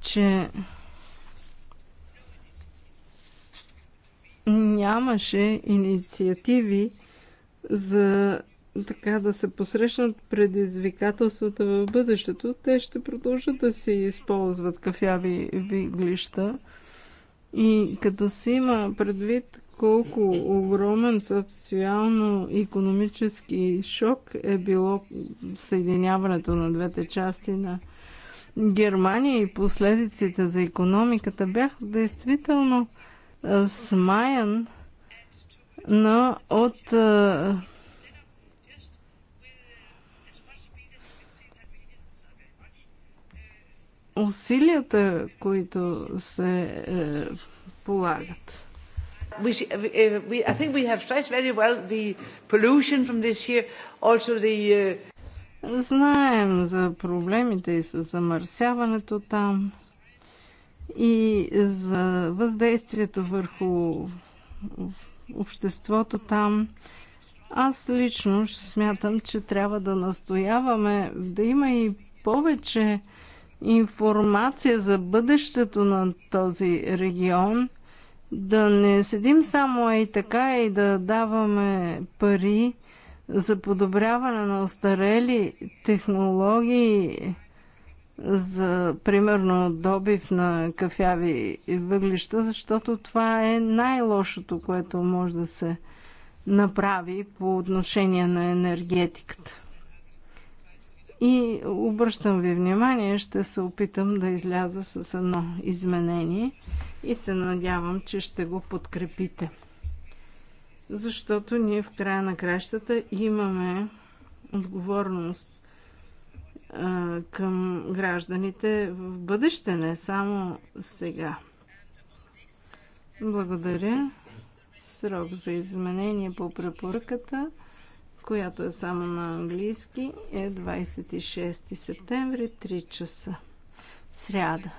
че нямаше инициативи за така да се посрещнат предизвикателствата в бъдещето, те ще продължат да се използват кафяви виглища. И като се има предвид колко огромен социално-економически шок е било съединяването на двете части на Германия и последиците за економиката бях действително смаян но от е, усилията, които се е, полагат. Uh, uh, uh, Знаем за проблемите и с замърсяването там и за въздействието върху обществото там. Аз лично смятам, че трябва да настояваме да има и повече информация за бъдещето на този регион, да не седим само и така и да даваме пари за подобряване на остарели технологии, за примерно добив на кафяви въглища, защото това е най-лошото, което може да се направи по отношение на енергетиката. И обръщам ви внимание, ще се опитам да изляза с едно изменение и се надявам, че ще го подкрепите. Защото ние в края на кращата имаме отговорност към гражданите в бъдеще, не само сега. Благодаря. Срок за изменение по препоръката, която е само на английски, е 26 септември, 3 часа. Сряда.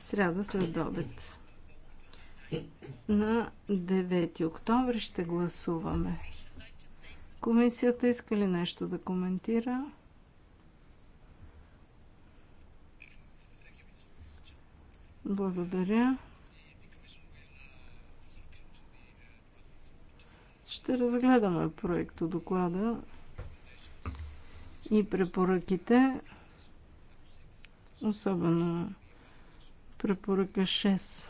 Сряда след обед. На 9 октомври ще гласуваме. Комисията иска ли нещо да коментира? Благодаря. Ще разгледаме проекто доклада и препоръките, особено препоръка 6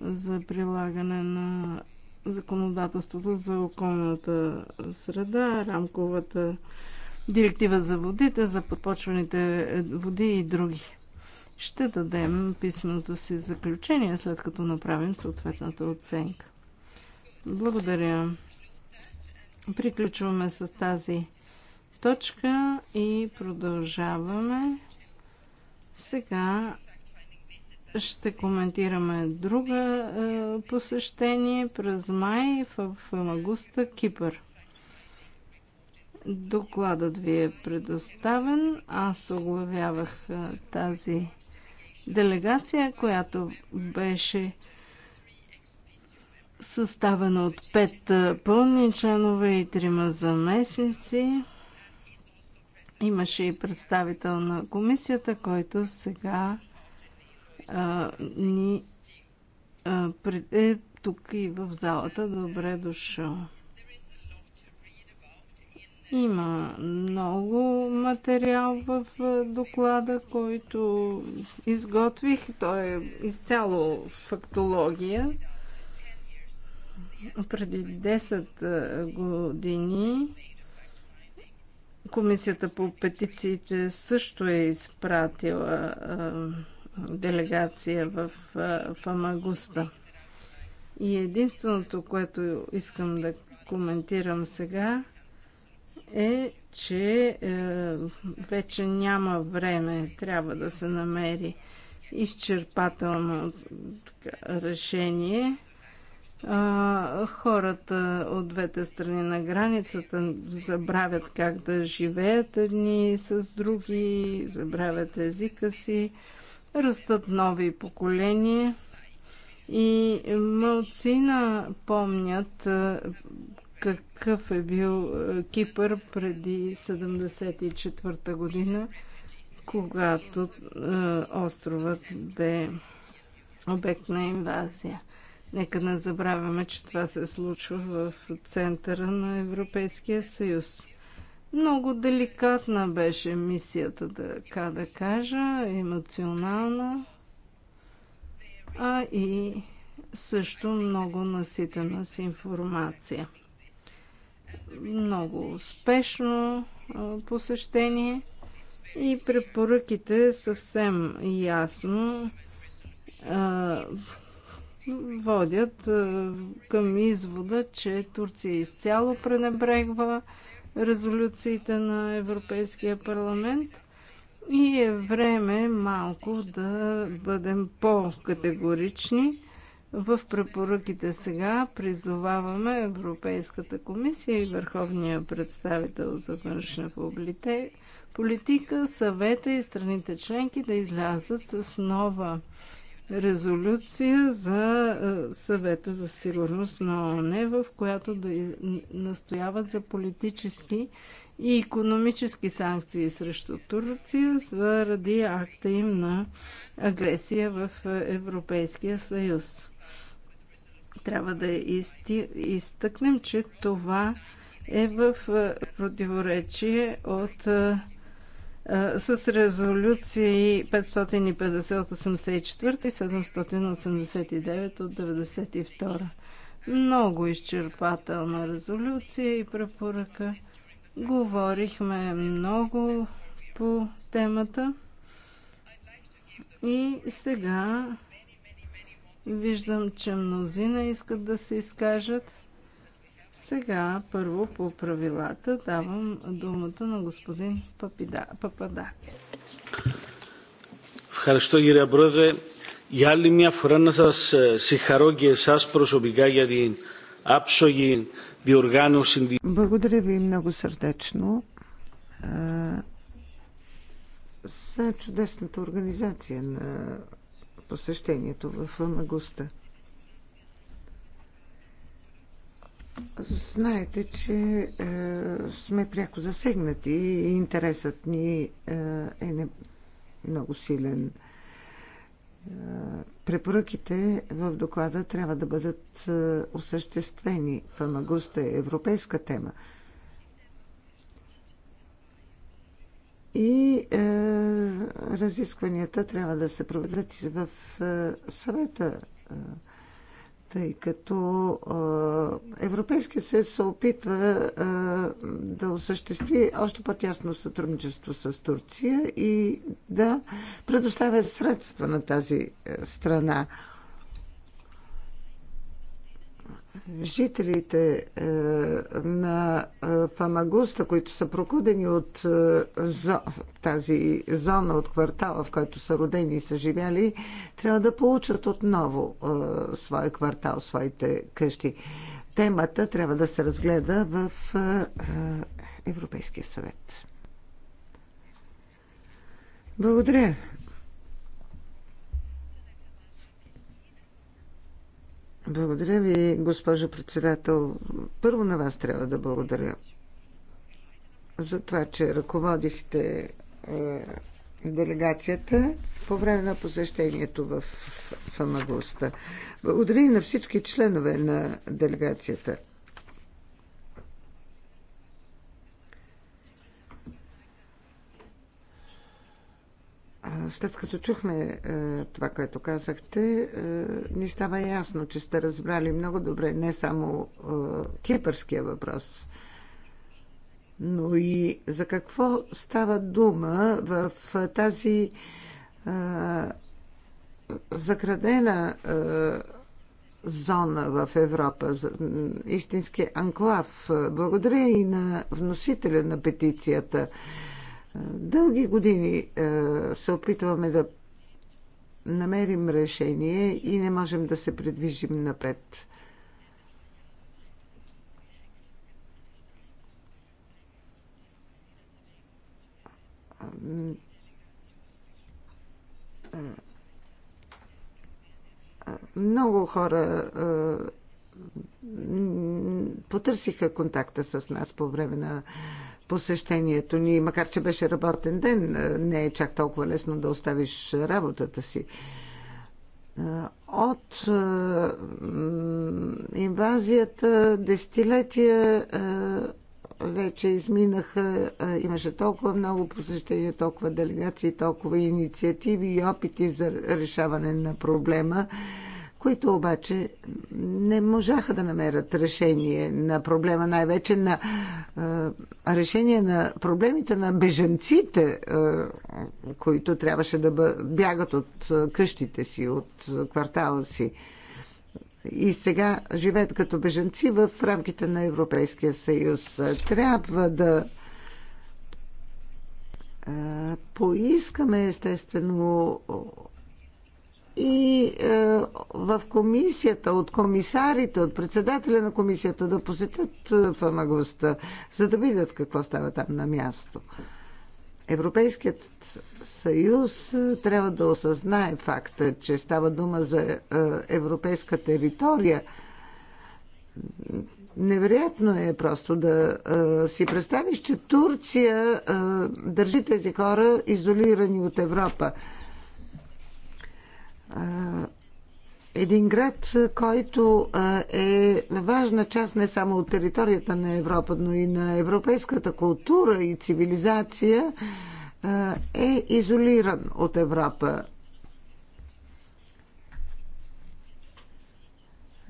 за прилагане на законодателството за околната среда, рамковата директива за водите, за подпочваните води и други ще дадем писменото си заключение, след като направим съответната оценка. Благодаря. Приключваме с тази точка и продължаваме. Сега ще коментираме друга е, посещение през май в Магуста, Кипър. Докладът ви е предоставен. Аз оглавявах е, тази делегация, която беше съставена от пет пълни членове и трима заместници. Имаше и представител на комисията, който сега а, ни а, е тук и в залата. Добре дошъл. Има много материал в е, доклада, който изготвих. Той е изцяло фактология. Преди 10 е, години Комисията по петициите също е изпратила е, делегация в Фамагуста. И единственото, което искам да коментирам сега, е, че е, вече няма време, трябва да се намери изчерпателно така, решение. А, хората от двете страни на границата забравят как да живеят едни с други, забравят езика си, растат нови поколения и мълцина помнят какъв е бил е, Кипър преди 1974 година, когато е, островът бе обект на инвазия. Нека не забравяме, че това се случва в центъра на Европейския съюз. Много деликатна беше мисията, така да кажа, емоционална, а и също много наситена с информация много успешно посещение и препоръките съвсем ясно водят към извода, че Турция изцяло пренебрегва резолюциите на Европейския парламент и е време малко да бъдем по-категорични в препоръките сега призоваваме Европейската комисия и Върховния представител за външна политика, съвета и страните членки да излязат с нова резолюция за е, съвета за сигурност на ООН, в която да настояват за политически и економически санкции срещу Турция заради акта им на агресия в е, Европейския съюз трябва да изти, изтъкнем, че това е в е, противоречие от е, е, с резолюции 550 от 84 и 789 от 92. Много изчерпателна резолюция и препоръка. Говорихме много по темата. И сега Виждам, че мнозина искат да се изкажат. Сега първо по правилата давам думата на господин Папида, Пападакис. Ευχαριστώ κύριε Πρόεδρε. Για άλλη μια φορά να σας συγχαρώ και εσάς προσωπικά για την άψογη διοργάνωση. Благодаря ви много сърдечно за е, чудесната организация на посещението в Магуста. Знаете, че е, сме пряко засегнати и интересът ни е, е не, много силен. Е, препоръките в доклада трябва да бъдат е, осъществени. Фамагуста е европейска тема. Е, И е, разискванията трябва да се проведат и в е, съвета, е, тъй като е, Европейския съюз се опитва е, да осъществи още по-тясно сътрудничество с Турция и да предоставя средства на тази е, страна. Жителите е, на Фамагуста, които са прокудени от е, тази зона, от квартала, в който са родени и са живяли, трябва да получат отново е, своя квартал, своите къщи. Темата трябва да се разгледа в е, Европейския съвет. Благодаря. Благодаря ви, госпожо председател. Първо на вас трябва да благодаря за това, че ръководихте е, делегацията по време на посещението в Фамагуста. Благодаря и на всички членове на делегацията. След като чухме е, това, което казахте, е, ни става ясно, че сте разбрали много добре не само е, кипърския въпрос, е, но и за какво става дума в тази а, заградена а, зона в Европа, истински анклав. Благодаря и на вносителя на петицията. Дълги години се опитваме да намерим решение и не можем да се придвижим напред. много хора потърсиха контакта с нас по време на посещението ни, макар че беше работен ден, не е чак толкова лесно да оставиш работата си. От инвазията десетилетия вече изминаха. Имаше толкова много посещения, толкова делегации, толкова инициативи и опити за решаване на проблема, които обаче не можаха да намерят решение на проблема, най-вече на решение на проблемите на бежанците, които трябваше да бягат от къщите си, от квартала си и сега живеят като беженци в рамките на Европейския съюз. Трябва да поискаме естествено и в комисията, от комисарите, от председателя на комисията да посетят фамагоста, за да видят какво става там на място. Европейският съюз е, трябва да осъзнае факта, че става дума за е, европейска територия. Невероятно е просто да е, си представиш, че Турция държи тези хора изолирани от Европа един град, който е важна част не само от територията на Европа, но и на европейската култура и цивилизация, е изолиран от Европа.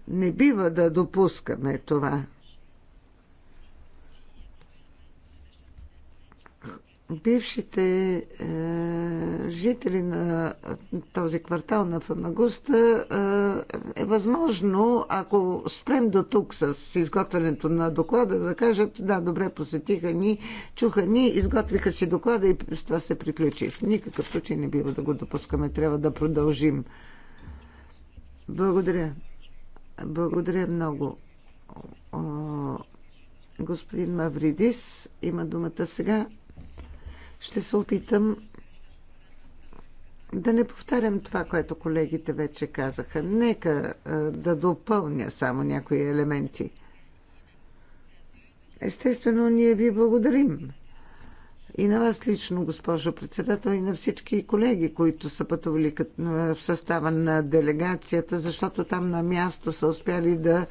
Не бива да допускаме това. бившите е, жители на този квартал на Фамагуста е, е възможно, ако спрем до тук с изготвянето на доклада, да кажат, да, добре, посетиха ни, чуха ни, изготвиха си доклада и с това се приключи. В никакъв случай не бива да го допускаме, трябва да продължим. Благодаря. Благодаря много. Господин Мавридис има думата сега. Ще се опитам да не повтарям това, което колегите вече казаха. Нека е, да допълня само някои елементи. Естествено, ние ви благодарим. И на вас лично, госпожо председател, и на всички колеги, които са пътували е, в състава на делегацията, защото там на място са успяли да е,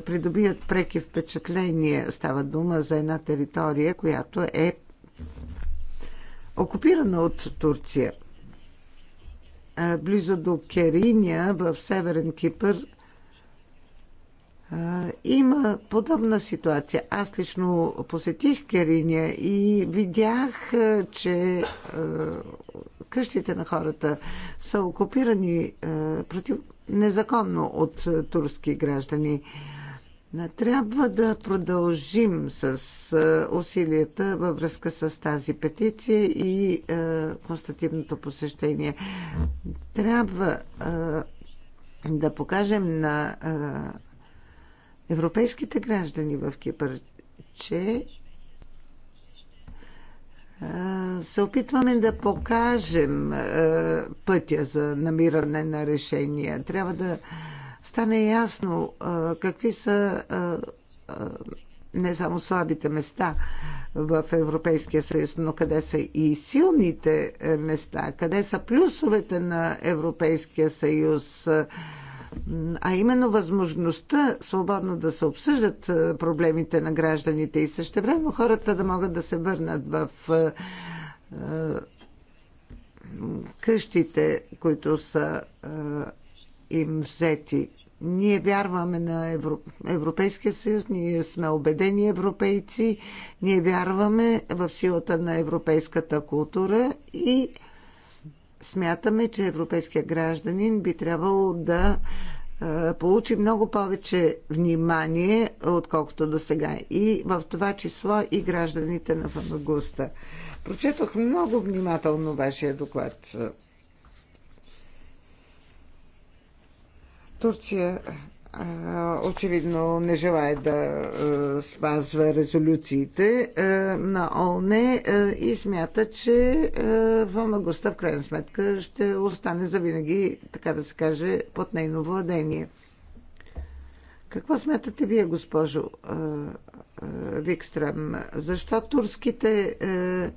придобият преки впечатления. Става дума за една територия, която е окупирана от Турция. Близо до Кериния в Северен Кипър има подобна ситуация. Аз лично посетих Кериния и видях, че къщите на хората са окупирани против... незаконно от турски граждани. Трябва да продължим с усилията във връзка с тази петиция и констативното посещение. Трябва да покажем на европейските граждани в Кипър, че се опитваме да покажем пътя за намиране на решения. Трябва да стане ясно какви са не само слабите места в Европейския съюз, но къде са и силните е, места, къде са плюсовете на Европейския съюз, а именно възможността свободно да се обсъждат е, проблемите на гражданите и същевременно хората да могат да се върнат в е, къщите, които са им взети. Ние вярваме на Евро... Европейския съюз, ние сме убедени европейци, ние вярваме в силата на европейската култура и смятаме, че европейския гражданин би трябвало да получи много повече внимание, отколкото до сега. И в това число и гражданите на Фанагуста. Прочетох много внимателно вашия доклад. Турция очевидно не желая да спазва резолюциите на ООН и смята, че вълнагостта в крайна сметка ще остане завинаги, така да се каже, под нейно владение. Какво смятате вие, госпожо Викстрам? Защо турските е,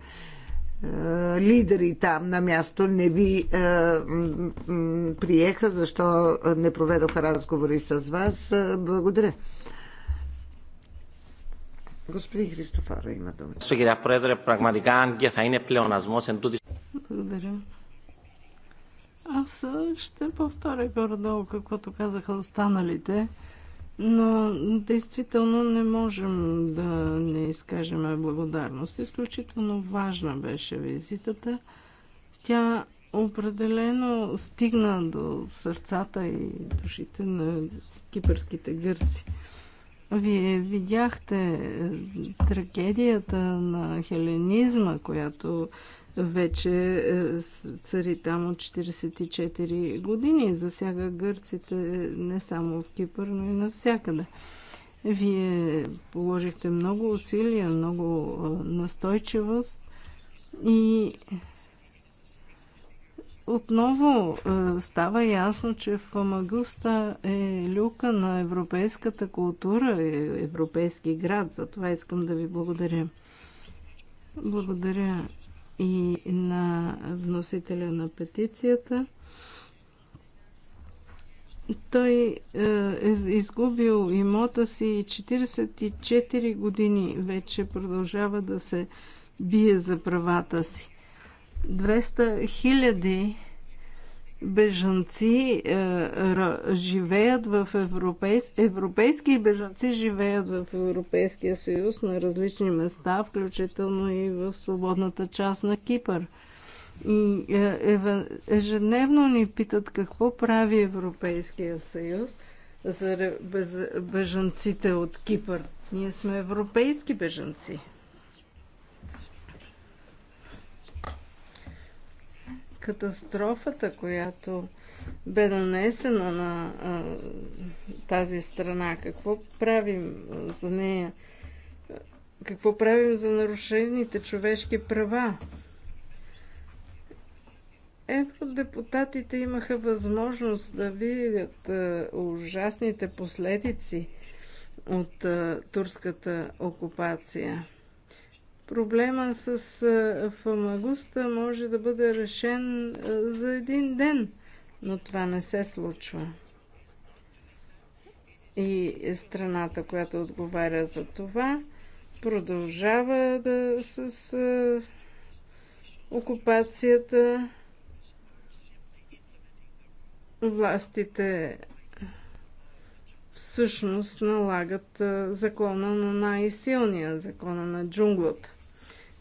е, лидери там на място не ви е, приеха, защо не проведоха разговори с вас. Е, благодаря. Господин Христофаро има думата. Благодаря. Аз ще повторя горе-долу каквото казаха останалите но действително не можем да не изкажем благодарност. Изключително важна беше визитата. Тя определено стигна до сърцата и душите на кипърските гърци. Вие видяхте е, трагедията на хеленизма, която вече е, цари там от 44 години. Засяга гърците не само в Кипър, но и навсякъде. Вие положихте много усилия, много е, настойчивост и отново е, става ясно, че Фамагуста е люка на европейската култура, е европейски град. За това искам да ви благодаря. Благодаря и на вносителя на петицията. Той е изгубил имота си и 44 години вече продължава да се бие за правата си. 200 хиляди бежанци е, живеят в европейс... европейски бежанци живеят в Европейския съюз на различни места, включително и в свободната част на Кипър. И е, ежедневно ни питат какво прави Европейския съюз за бежанците от Кипър. Ние сме европейски бежанци. Катастрофата, която бе нанесена на а, тази страна, какво правим за нея? Какво правим за нарушените човешки права? Евродепутатите имаха възможност да видят а, ужасните последици от а, турската окупация. Проблема с фамагуста може да бъде решен за един ден, но това не се случва. И страната, която отговаря за това, продължава да с окупацията. Властите всъщност налагат закона на най-силния, закона на джунглата.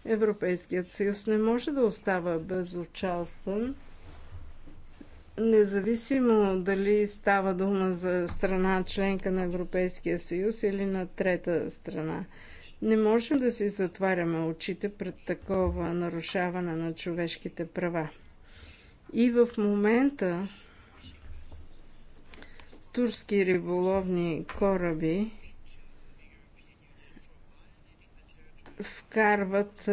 Европейският съюз не може да остава безучастен, независимо дали става дума за страна членка на Европейския съюз или на трета страна. Не можем да си затваряме очите пред такова нарушаване на човешките права. И в момента турски риболовни кораби вкарват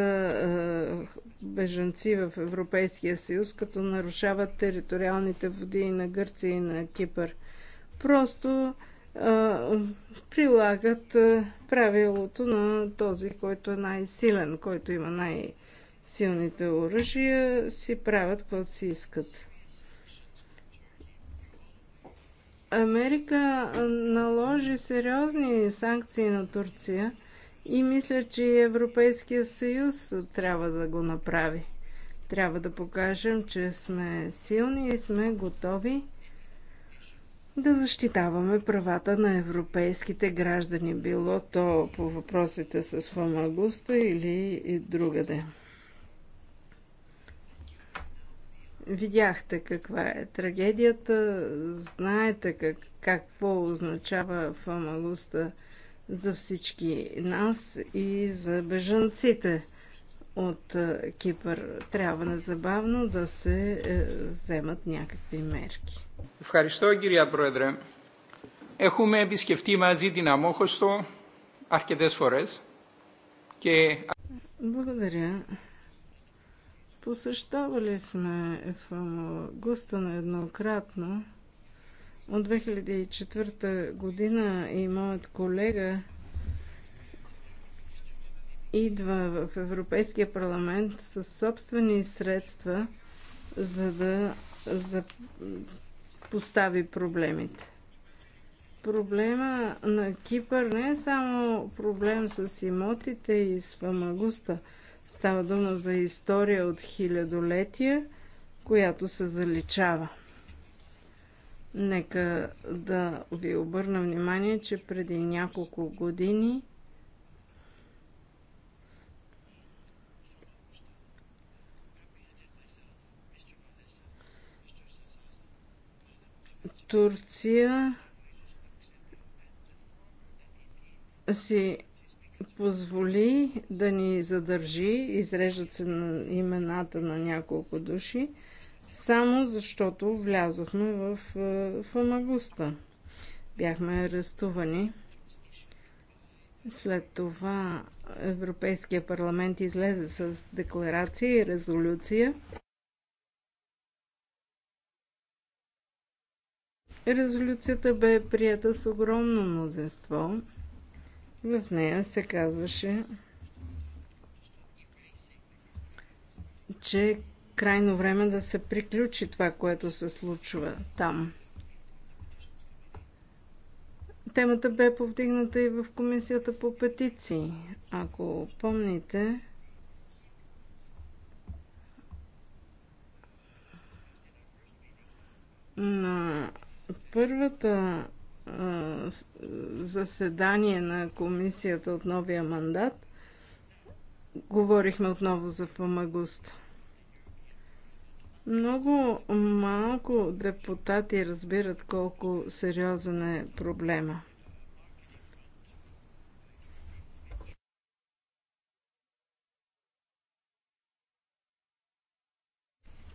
бежанци в Европейския съюз, като нарушават териториалните води на Гърция и на Кипър. Просто прилагат правилото на този, който е най-силен, който има най-силните оръжия, си правят каквото си искат. Америка наложи сериозни санкции на Турция – и мисля, че и Европейския съюз трябва да го направи. Трябва да покажем, че сме силни и сме готови да защитаваме правата на европейските граждани, било то по въпросите с фамагуста или и другаде. Видяхте каква е трагедията, знаете как, какво означава фамагуста – за всички нас и за бежанците от е, Кипър. Трябва незабавно да се е, вземат някакви мерки. Ευχαριστώ, κυρία Πρόεδρε. Έχουμε επισκεφτεί μαζί την Αμόχωστο αρκετές φορές και... Благодаря. Посещавали сме в Густа на еднократно от 2004 година и моят колега идва в Европейския парламент с собствени средства, за да за... постави проблемите. Проблема на Кипър не е само проблем с имотите и с фамагуста. Става дума за история от хилядолетия, която се заличава. Нека да ви обърна внимание, че преди няколко години Турция си позволи да ни задържи, изреждат се на имената на няколко души, само защото влязохме в е, Фамагуста. Бяхме арестувани. След това Европейския парламент излезе с декларация и резолюция. Резолюцията бе прията с огромно мнозинство. В нея се казваше, че крайно време да се приключи това, което се случва там. Темата бе повдигната и в комисията по петиции. Ако помните, на първата а, заседание на комисията от новия мандат говорихме отново за Фамагуста. Много малко депутати разбират колко сериозен е проблема.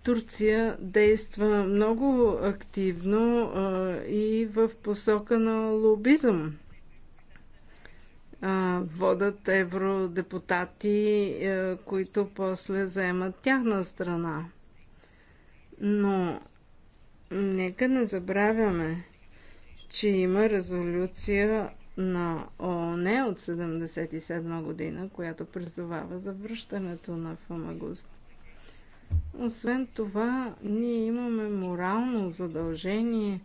Турция действа много активно а, и в посока на лобизъм. А, водат евродепутати, а, които после заемат тяхна страна. Но нека не забравяме, че има резолюция на ООН от 1977 година, която призовава за връщането на Фамагуст. Освен това, ние имаме морално задължение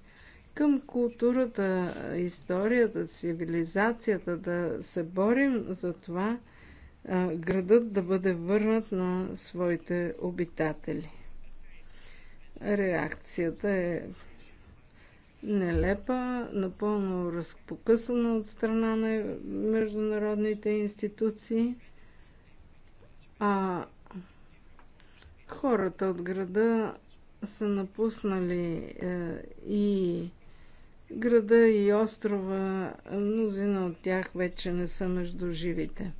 към културата, историята, цивилизацията, да се борим за това градът да бъде върнат на своите обитатели. Реакцията е нелепа, напълно разпокъсана от страна на международните институции, а хората от града са напуснали е, и града и острова, мнозина от тях вече не са между живите.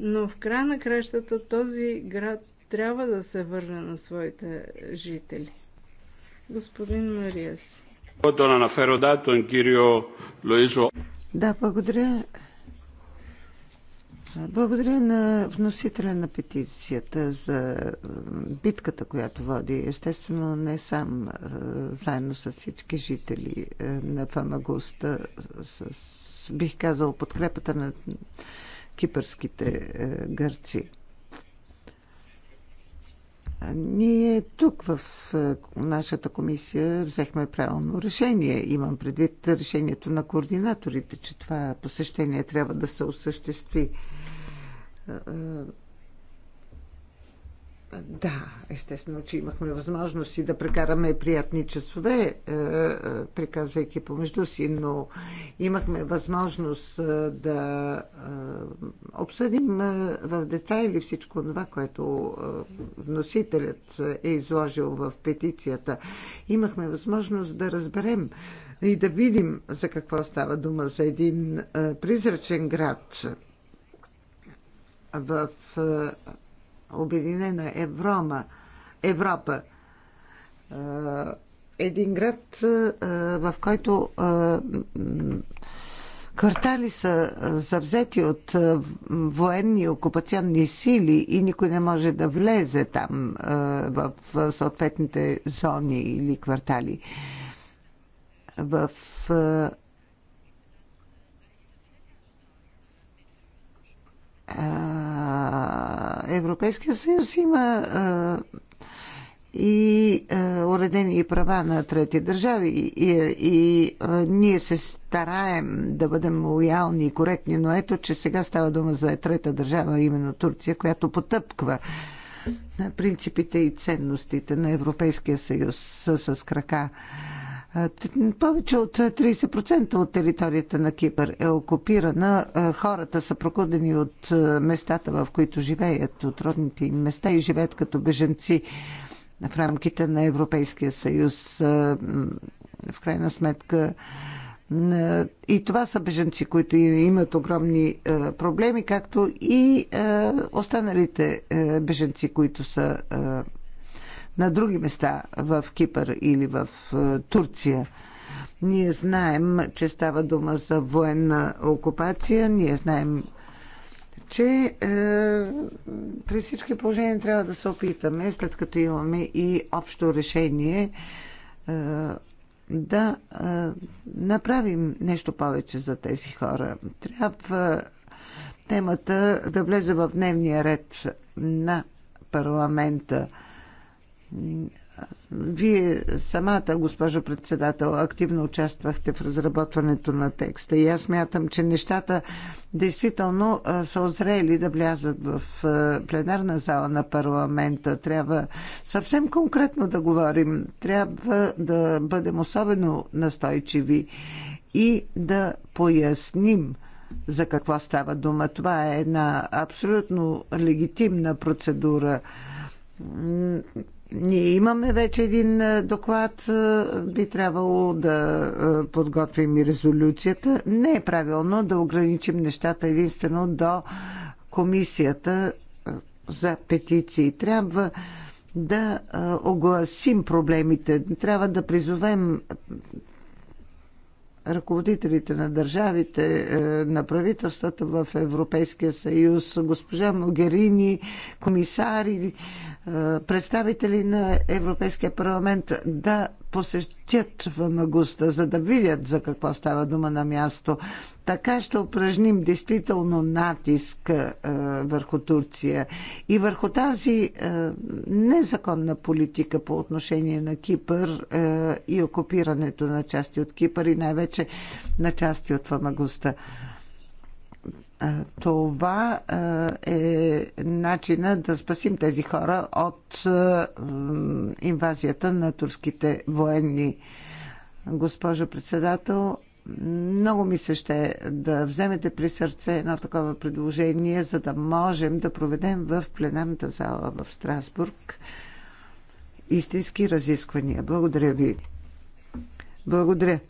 Но в края на кращата този град трябва да се върне на своите жители – Господин Мариас. на αναφέροντα, τον κύριο Λοΐζο. Да, благодаря. Благодаря на вносителя на петицията за битката, която води. Естествено, не сам, заедно с всички жители на Фамагуста, с, бих казал, подкрепата на кипърските гърци. Ние тук в нашата комисия взехме правилно решение. Имам предвид решението на координаторите, че това посещение трябва да се осъществи да, естествено, че имахме възможност и да прекараме приятни часове, е, е, приказвайки помежду си, но имахме възможност е, да обсъдим в детайли всичко това, което вносителят е изложил в петицията. Имахме възможност да разберем и да видим за какво става дума за един призрачен град в обединена Еврома, Европа. Е, един град, е, в който е, квартали са завзети от военни и окупационни сили и никой не може да влезе там в съответните зони или квартали. В Европейския съюз има и а, уредени и права на трети държави. И, и, и а, ние се стараем да бъдем лоялни и коректни, но ето, че сега става дума за трета държава, именно Турция, която потъпква принципите и ценностите на Европейския съюз с, с крака. А, повече от 30% от територията на Кипър е окупирана. Хората са прокудени от местата, в които живеят, от родните им места и живеят като беженци в рамките на Европейския съюз. В крайна сметка и това са беженци, които имат огромни проблеми, както и останалите беженци, които са на други места в Кипър или в е, Турция. Ние знаем, че става дума за военна окупация, ние знаем, че е, при всички положения трябва да се опитаме, след като имаме и общо решение, е, да е, направим нещо повече за тези хора. Трябва темата да влезе в дневния ред на парламента. Вие самата, госпожо председател, активно участвахте в разработването на текста и аз мятам, че нещата действително са озрели да влязат в пленарна зала на парламента. Трябва съвсем конкретно да говорим. Трябва да бъдем особено настойчиви и да поясним за какво става дума. Това е една абсолютно легитимна процедура ние имаме вече един е, доклад, е, би трябвало да е, подготвим и резолюцията. Не е правилно да ограничим нещата единствено до комисията за петиции. Трябва да огласим проблемите, трябва да призовем ръководителите на държавите, е, на правителствата в Европейския съюз, госпожа Могерини, комисари, е, представители на Европейския парламент да посетят в Магуста, за да видят за какво става дума на място. Така ще упражним действително натиск е, върху Турция и върху тази е, незаконна политика по отношение на Кипър е, и окупирането на части от Кипър и най-вече на части от Фамагуста. Това е начина да спасим тези хора от инвазията на турските военни. Госпожо председател, много ми се ще да вземете при сърце едно такова предложение, за да можем да проведем в пленарната зала в Страсбург истински разисквания. Благодаря ви. Благодаря.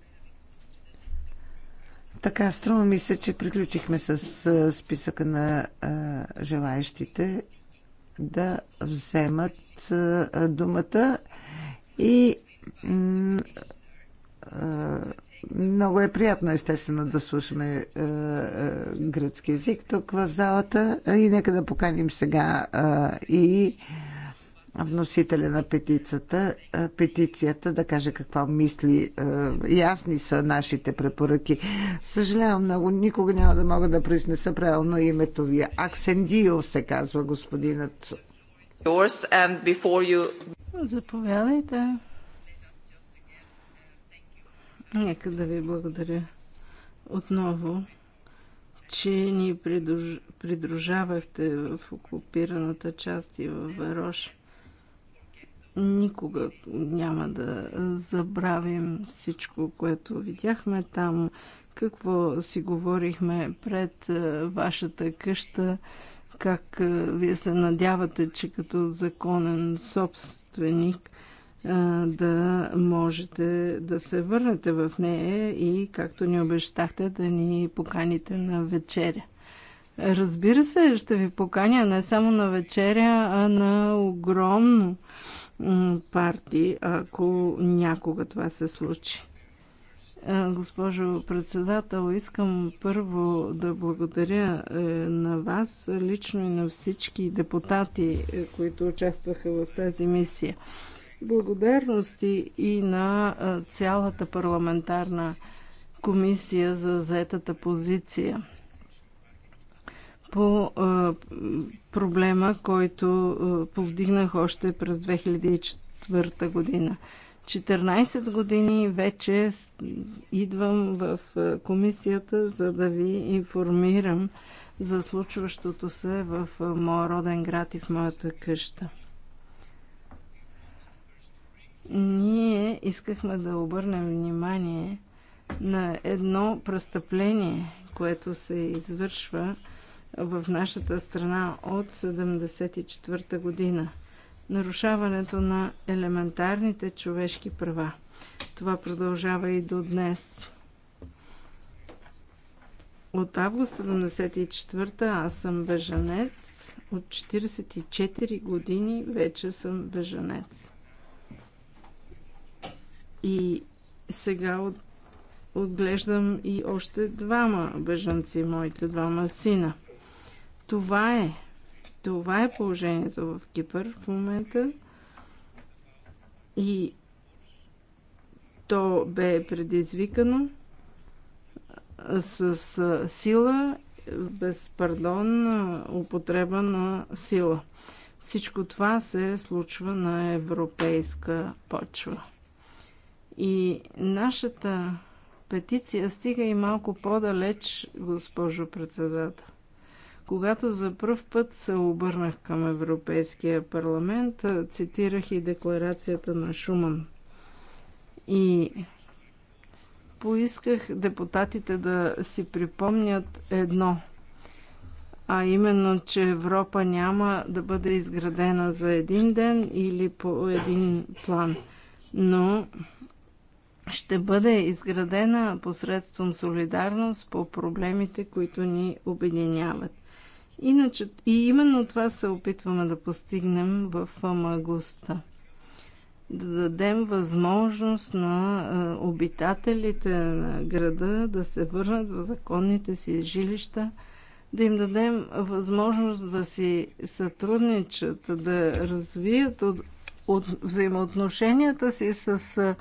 Така, струва ми се, че приключихме с списъка на желаящите да вземат думата и много е приятно, естествено, да слушаме гръцки език тук в залата. И нека да поканим сега и вносителя на петицията, петицията да каже какво мисли. Ясни са нашите препоръки. Съжалявам много, никога няма да мога да произнеса правилно името ви. Аксендио се казва господинът. Заповядайте. Нека да ви благодаря отново, че ни придружавахте в окупираната част и в Вероша. Никога няма да забравим всичко, което видяхме там, какво си говорихме пред е, вашата къща, как е, вие се надявате, че като законен собственик е, да можете да се върнете в нея и, както ни обещахте, да ни поканите на вечеря. Разбира се, ще ви поканя не само на вечеря, а на огромно партии, ако някога това се случи. Е, госпожо председател, искам първо да благодаря е, на вас лично и на всички депутати, е, които участваха в тази мисия. Благодарности и на цялата парламентарна комисия за заетата позиция по а, проблема, който а, повдигнах още през 2004 година. 14 години вече идвам в комисията, за да ви информирам за случващото се в моя роден град и в моята къща. Ние искахме да обърнем внимание на едно престъпление, което се извършва в нашата страна от 1974 година. Нарушаването на елементарните човешки права. Това продължава и до днес. От август 74 аз съм бежанец. От 44 години вече съм бежанец. И сега от, отглеждам и още двама бежанци, моите двама сина – това е. Това е положението в Кипър в момента. И то бе предизвикано с сила, без пардон, употреба на сила. Всичко това се случва на европейска почва. И нашата петиция стига и малко по-далеч, госпожо председател. Когато за първ път се обърнах към Европейския парламент, цитирах и декларацията на Шуман. И поисках депутатите да си припомнят едно, а именно, че Европа няма да бъде изградена за един ден или по един план, но ще бъде изградена посредством солидарност по проблемите, които ни обединяват. Иначе, и именно това се опитваме да постигнем в магуста. Да дадем възможност на обитателите на града да се върнат в законните си жилища, да им дадем възможност да си сътрудничат, да развият от, от взаимоотношенията си с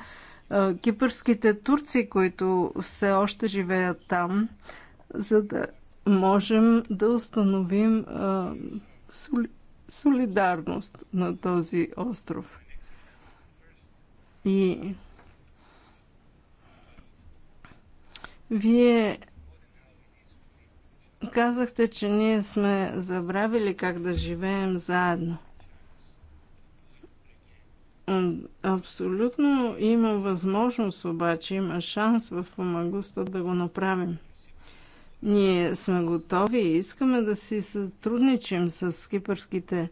кипърските турци, които все още живеят там, за да можем да установим а, соли, солидарност на този остров. И вие казахте, че ние сме забравили как да живеем заедно. Абсолютно има възможност, обаче има шанс в Фамагуста да го направим. Ние сме готови и искаме да си сътрудничим с кипърските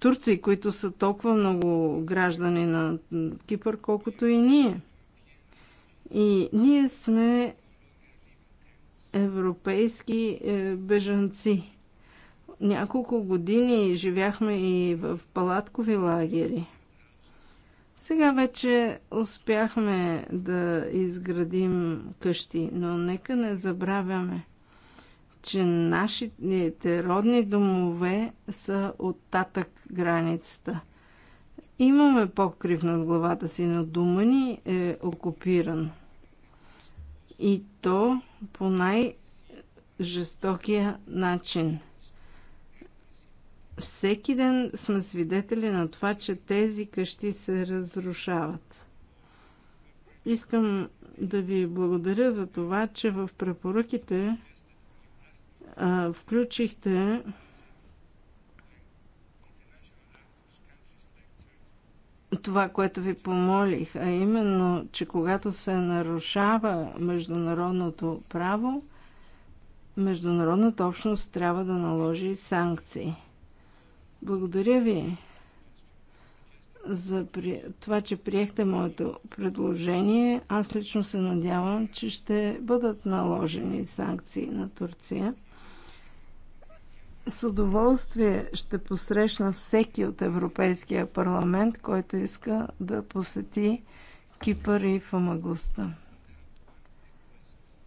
турци, които са толкова много граждани на Кипър, колкото и ние. И ние сме европейски е, бежанци. Няколко години живяхме и в палаткови лагери. Сега вече успяхме да изградим къщи, но нека не забравяме, че нашите родни домове са от татък границата. Имаме покрив над главата си, но дума ни е окупиран. И то по най-жестокия начин. Всеки ден сме свидетели на това, че тези къщи се разрушават. Искам да ви благодаря за това, че в препоръките включихте това, което ви помолих, а именно, че когато се нарушава международното право, международната общност трябва да наложи санкции. Благодаря ви за това, че приехте моето предложение. Аз лично се надявам, че ще бъдат наложени санкции на Турция. С удоволствие ще посрещна всеки от Европейския парламент, който иска да посети Кипър и Фамагуста.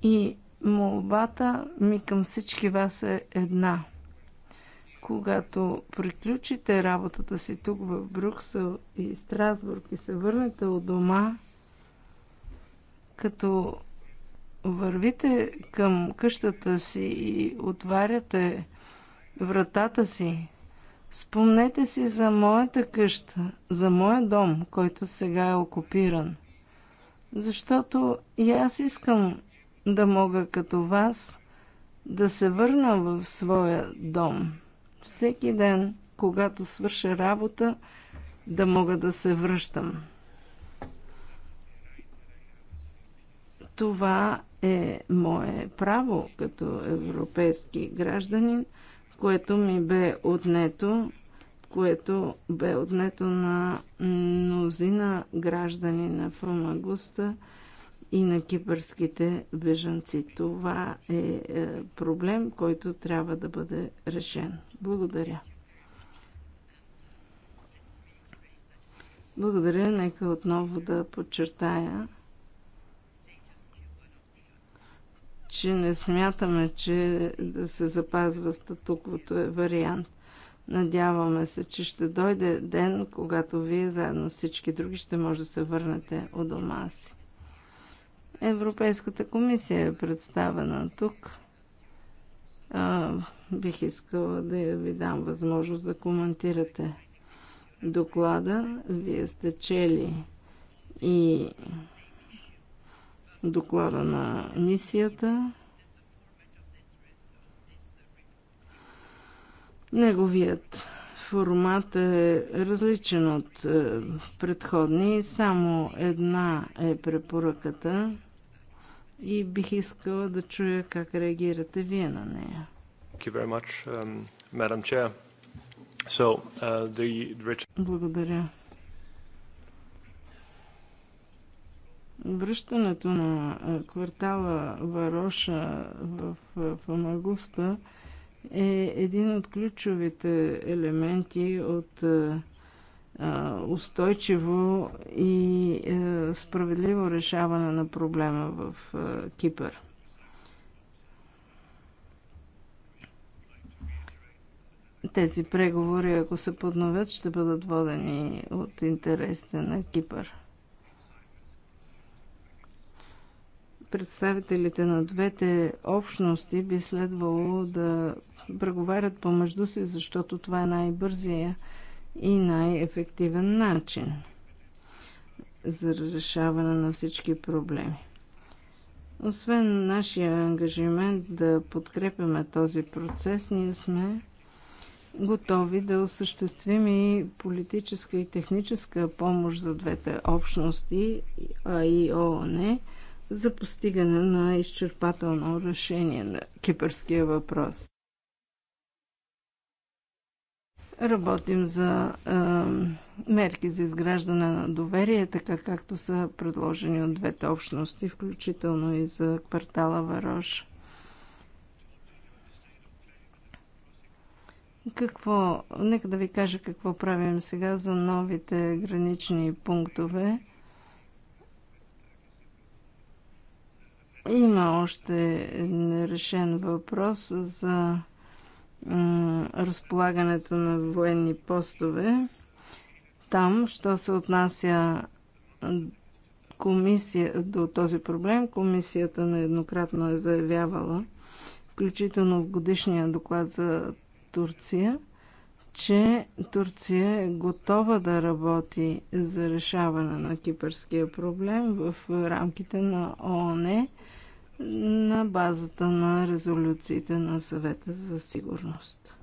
И молбата ми към всички вас е една. Когато приключите работата си тук в Брюксел и Страсбург и се върнете от дома, като вървите към къщата си и отваряте вратата си. Спомнете си за моята къща, за моя дом, който сега е окупиран. Защото и аз искам да мога като вас да се върна в своя дом. Всеки ден, когато свърша работа, да мога да се връщам. Това е мое право като европейски гражданин – което ми бе отнето, което бе отнето на мнозина граждани на Фромагуста и на кипърските бежанци. Това е, е проблем, който трябва да бъде решен. Благодаря. Благодаря. Нека отново да подчертая, че не смятаме, че да се запазва статуквото е вариант. Надяваме се, че ще дойде ден, когато вие заедно с всички други ще може да се върнете от дома си. Европейската комисия е представена тук. А, бих искала да я ви дам възможност да коментирате доклада. Вие сте чели и доклада на мисията. Неговият формат е различен от е, предходни. Само една е препоръката и бих искала да чуя как реагирате вие на нея. Um, uh, Благодаря. Връщането на квартала Вароша в Фамагуста е един от ключовите елементи от устойчиво и справедливо решаване на проблема в Кипър. Тези преговори, ако се подновят, ще бъдат водени от интересите на Кипър. представителите на двете общности би следвало да преговарят помежду си, защото това е най-бързия и най-ефективен начин за разрешаване на всички проблеми. Освен нашия ангажимент да подкрепяме този процес, ние сме готови да осъществим и политическа и техническа помощ за двете общности, а и ООН, за постигане на изчерпателно решение на кипърския въпрос. Работим за е, мерки за изграждане на доверие, така както са предложени от двете общности, включително и за квартала Варош. Какво, нека да ви кажа какво правим сега за новите гранични пунктове. Има още нерешен въпрос за разполагането на военни постове. Там, що се отнася комисия, до този проблем, комисията нееднократно е заявявала, включително в годишния доклад за Турция – че Турция е готова да работи за решаване на кипърския проблем в рамките на ООН на базата на резолюциите на съвета за сигурност.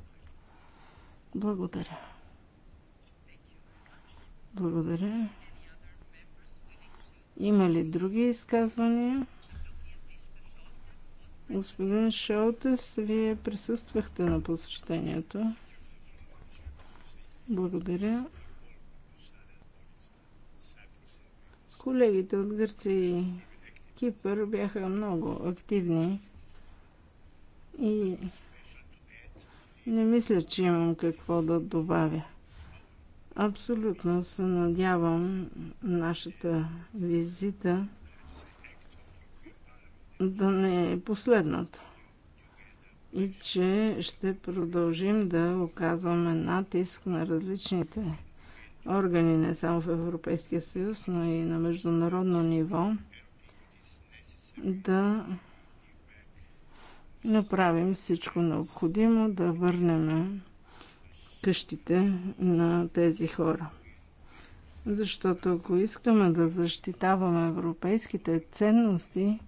Благодаря. Благодаря. Има ли други изказвания? Господин Шоутес, вие присъствахте на посещението. Благодаря. Колегите от Гърция и Кипър бяха много активни и не мисля, че имам какво да добавя. Абсолютно се надявам нашата визита да не е последната и че ще продължим да оказваме натиск на различните органи, не само в Европейския съюз, но и на международно ниво, да направим всичко необходимо, да върнем къщите на тези хора. Защото ако искаме да защитаваме европейските ценности,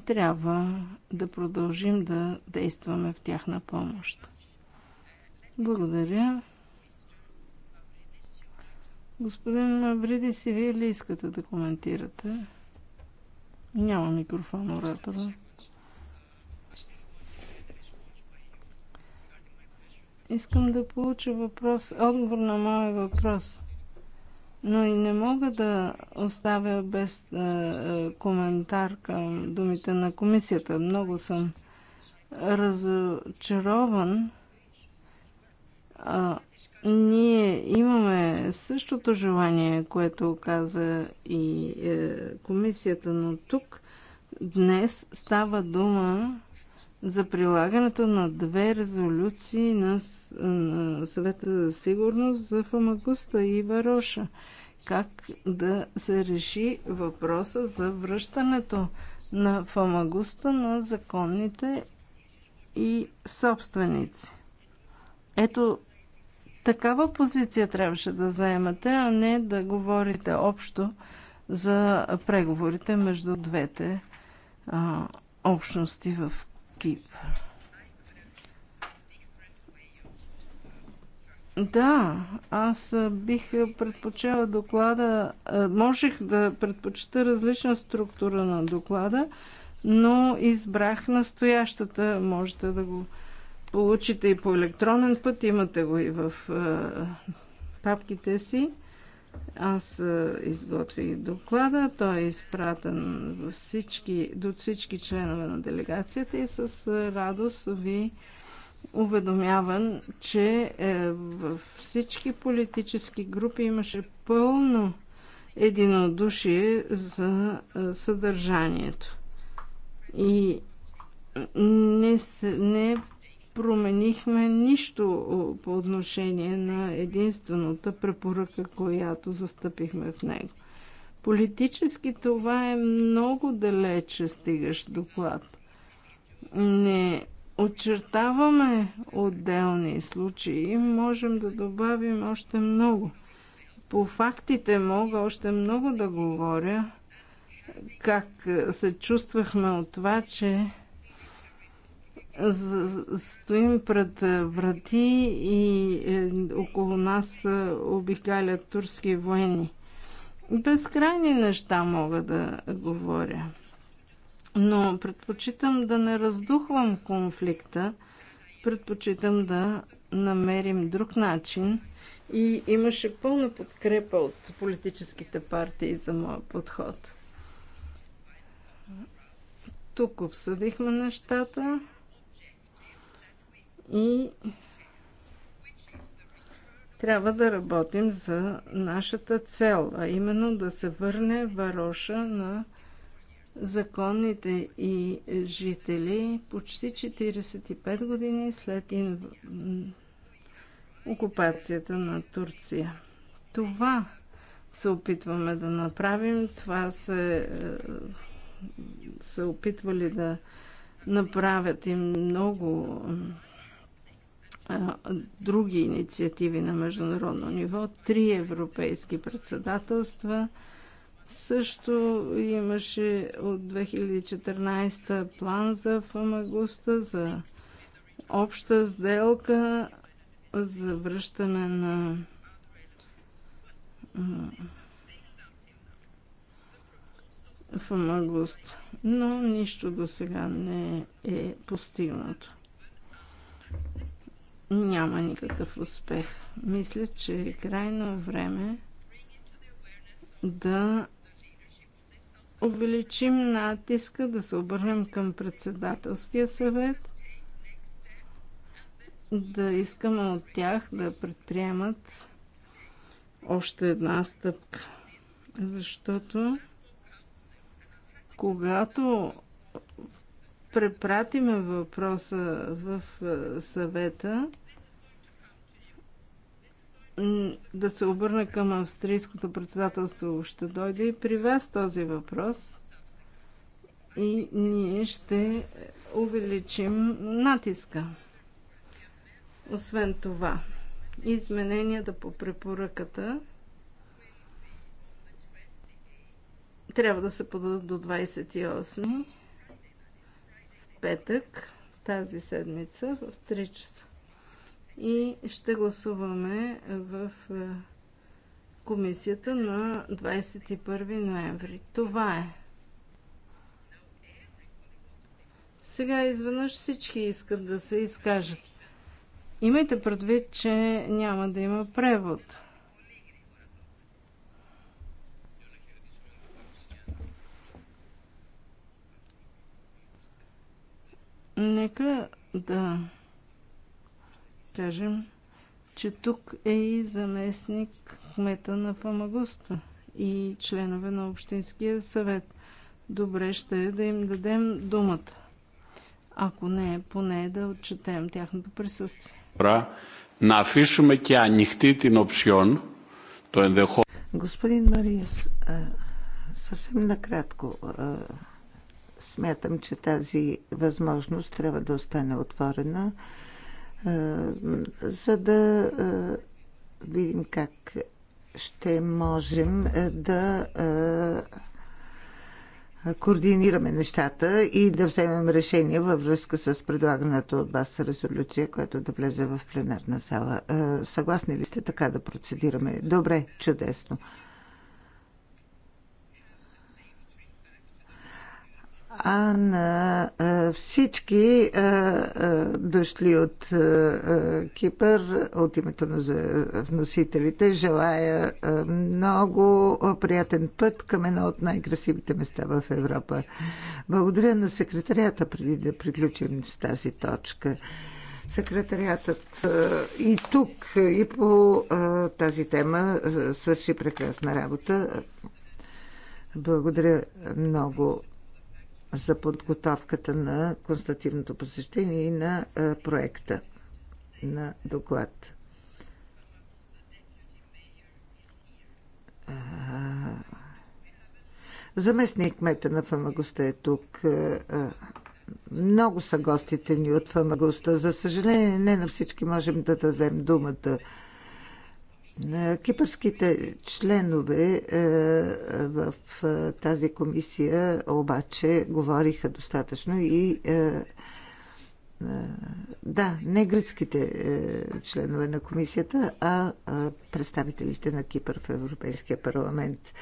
трябва да продължим да действаме в тяхна помощ. Благодаря. Господин Мавридис, си, вие ли искате да коментирате? Няма микрофон оратора. Искам да получа въпрос, отговор на моя въпрос но и не мога да оставя без е, е, коментар към думите на комисията. Много съм разочарован. А, ние имаме същото желание, което каза и е, комисията, но тук днес става дума за прилагането на две резолюции на, на съвета за сигурност за Фамагуста и Вароша. Как да се реши въпроса за връщането на Фамагуста на законните и собственици. Ето такава позиция трябваше да заемате, а не да говорите общо за преговорите между двете а, общности в ТИТИП. Да, аз бих предпочела доклада, можех да предпочита различна структура на доклада, но избрах настоящата. Можете да го получите и по електронен път, имате го и в папките си. Аз изготвих доклада, той е изпратен всички, до всички членове на делегацията и с радост ви уведомявам, че е, във всички политически групи имаше пълно единодушие за съдържанието. И не, се, не променихме нищо по отношение на единствената препоръка, която застъпихме в него. Политически това е много далече стигащ доклад. Не очертаваме отделни случаи, можем да добавим още много. По фактите мога още много да говоря как се чувствахме от това, че стоим пред е, врати и е, около нас е, обикалят турски военни. Безкрайни неща мога да говоря. Но предпочитам да не раздухвам конфликта, предпочитам да намерим друг начин. И имаше пълна подкрепа от политическите партии за моя подход. Тук обсъдихме нещата и трябва да работим за нашата цел, а именно да се върне вароша на законните и жители почти 45 години след инв... окупацията на Турция. Това се опитваме да направим, това се, е, се опитвали да направят и много други инициативи на международно ниво, три европейски председателства. Също имаше от 2014 план за Фамагуста, за обща сделка за връщане на Фамагуст. Но нищо до сега не е постигнато няма никакъв успех. Мисля, че е крайно време да увеличим натиска, да се обърнем към председателския съвет, да искаме от тях да предприемат още една стъпка. Защото когато препратиме въпроса в съвета, да се обърна към австрийското председателство. Ще дойде и при вас този въпрос. И ние ще увеличим натиска. Освен това, измененията по препоръката трябва да се подадат до 28 петък тази седмица в 3 часа. И ще гласуваме в е, комисията на 21 ноември. Това е. Сега изведнъж всички искат да се изкажат. Имайте предвид, че няма да има превод. Нека да кажем, че тук е и заместник кмета на Фамагуста и членове на Общинския съвет. Добре ще е да им дадем думата. Ако не, поне да отчетем тяхното присъствие. Να αφήσουμε και ανοιχτή την οψιόν, το Господин Мариас, съвсем накратко, Смятам, че тази възможност трябва да остане отворена, за да видим как ще можем да координираме нещата и да вземем решение във връзка с предлаганата от вас резолюция, която да влезе в пленарна зала. Съгласни ли сте така да процедираме? Добре, чудесно. а на всички дошли от Кипър от името на вносителите. Желая много приятен път към едно от най-красивите места в Европа. Благодаря на секретарията преди да приключим с тази точка секретариатът и тук, и по тази тема свърши прекрасна работа. Благодаря много за подготовката на констативното посещение и на проекта на доклад. Заместник кмета на Фамагоста е тук. Много са гостите ни от Фамагоста. За съжаление, не на всички можем да дадем думата. Кипърските членове е, е, в е, тази комисия обаче говориха достатъчно и да, не гръцките членове на комисията, а представителите на Кипър в Европейския парламент.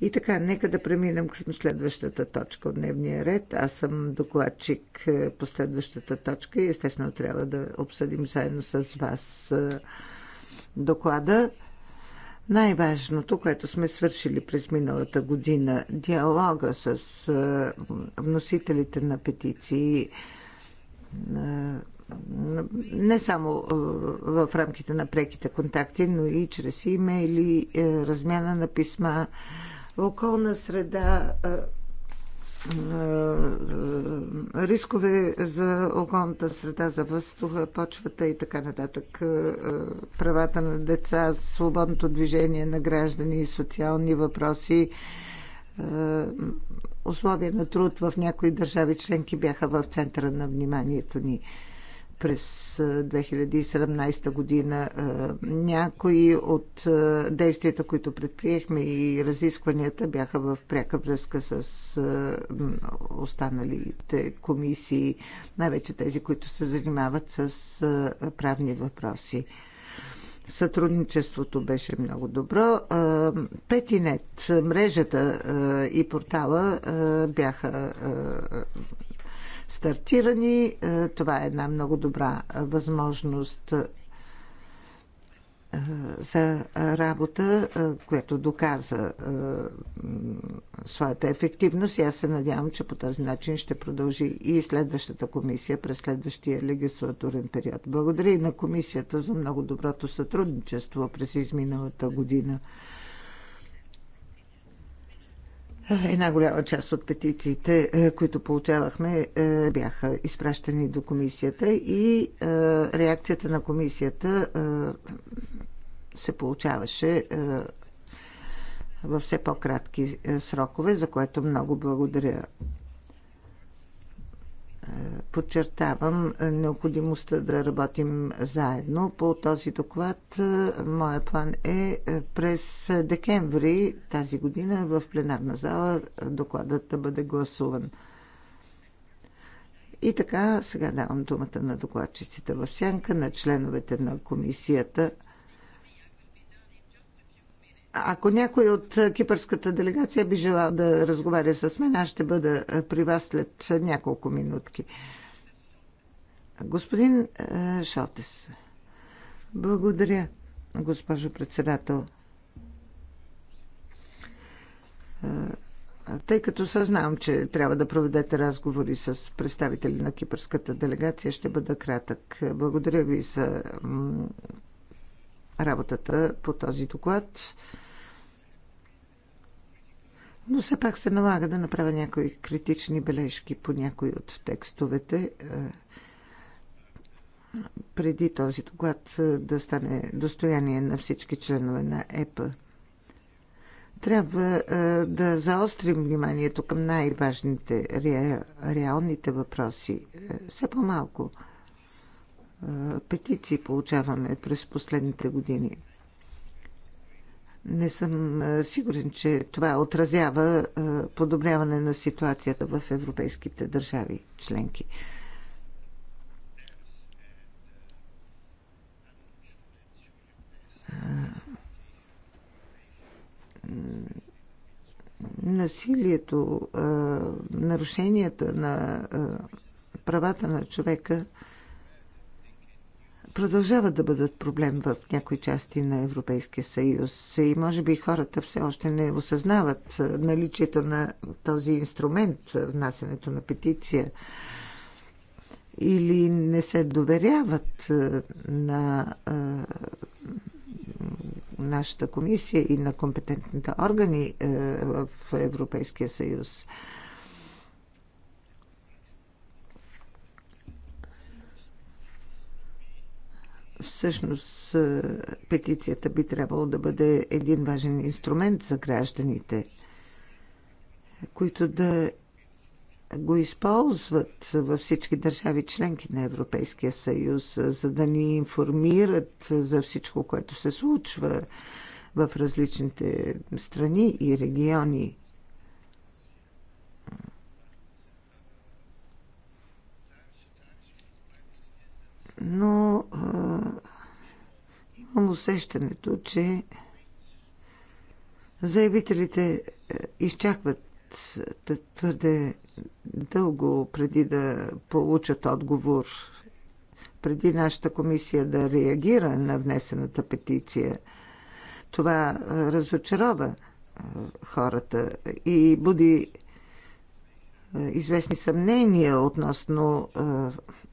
И така, нека да преминем към следващата точка от дневния ред. Аз съм докладчик по следващата точка и естествено трябва да обсъдим заедно с вас доклада. Най-важното, което сме свършили през миналата година, диалога с вносителите на петиции, не само в рамките на преките контакти, но и чрез имейли, размяна на писма, околна среда, е, е, рискове за околната среда, за въздуха, почвата и така нататък, е, правата на деца, свободното движение на граждани, социални въпроси, условия на труд в някои държави членки бяха в центъра на вниманието ни през 2017 година. Някои от действията, които предприехме и разискванията бяха в пряка връзка с останалите комисии, най-вече тези, които се занимават с правни въпроси. Сътрудничеството беше много добро. Петинет, мрежата и портала бяха стартирани. Е, това е една много добра е, възможност е, за работа, която доказа своята ефективност. И аз се надявам, че по този начин ще продължи и следващата комисия през следващия легислатурен период. Благодаря и на комисията за много доброто сътрудничество през изминалата година. Една голяма част от петициите, е, които получавахме, е, бяха изпращани до комисията и е, реакцията на комисията се получаваше във все по-кратки срокове, за което много благодаря подчертавам е, необходимостта да работим заедно по този доклад. Е, моя план е, е през декември тази година в пленарна зала докладът да бъде гласуван. И така, сега давам думата на докладчиците в сянка, на членовете на комисията – ако някой от е, кипърската делегация би желал да разговаря с мен, аз ще бъда е, при вас след е, няколко минутки. Господин Шотес, благодаря, госпожо председател. Тъй като съзнавам, че трябва да проведете разговори с представители на кипърската делегация, ще бъда кратък. Благодаря ви за работата по този доклад. Но все пак се налага да направя някои критични бележки по някои от текстовете. Е, преди този доклад е, да стане достояние на всички членове на ЕПА. Трябва е, да заострим вниманието към най-важните, реалните въпроси. Все по-малко петиции получаваме през последните години. Не съм сигурен, че това отразява подобряване на ситуацията в европейските държави членки. Насилието, нарушенията на правата на човека продължават да бъдат проблем в някои части на Европейския съюз и може би хората все още не осъзнават наличието на този инструмент, внасянето на петиция или не се доверяват на нашата комисия и на компетентните органи в Европейския съюз. всъщност е, петицията би трябвало да бъде един важен инструмент за гражданите, които да го използват във всички държави членки на Европейския съюз, за да ни информират за всичко, което се случва в различните страни и региони. но а, имам усещането, че заявителите е, изчакват е, твърде дълго преди да получат отговор, преди нашата комисия да реагира на внесената петиция. Това е, разочарова хората и буди известни съмнения относно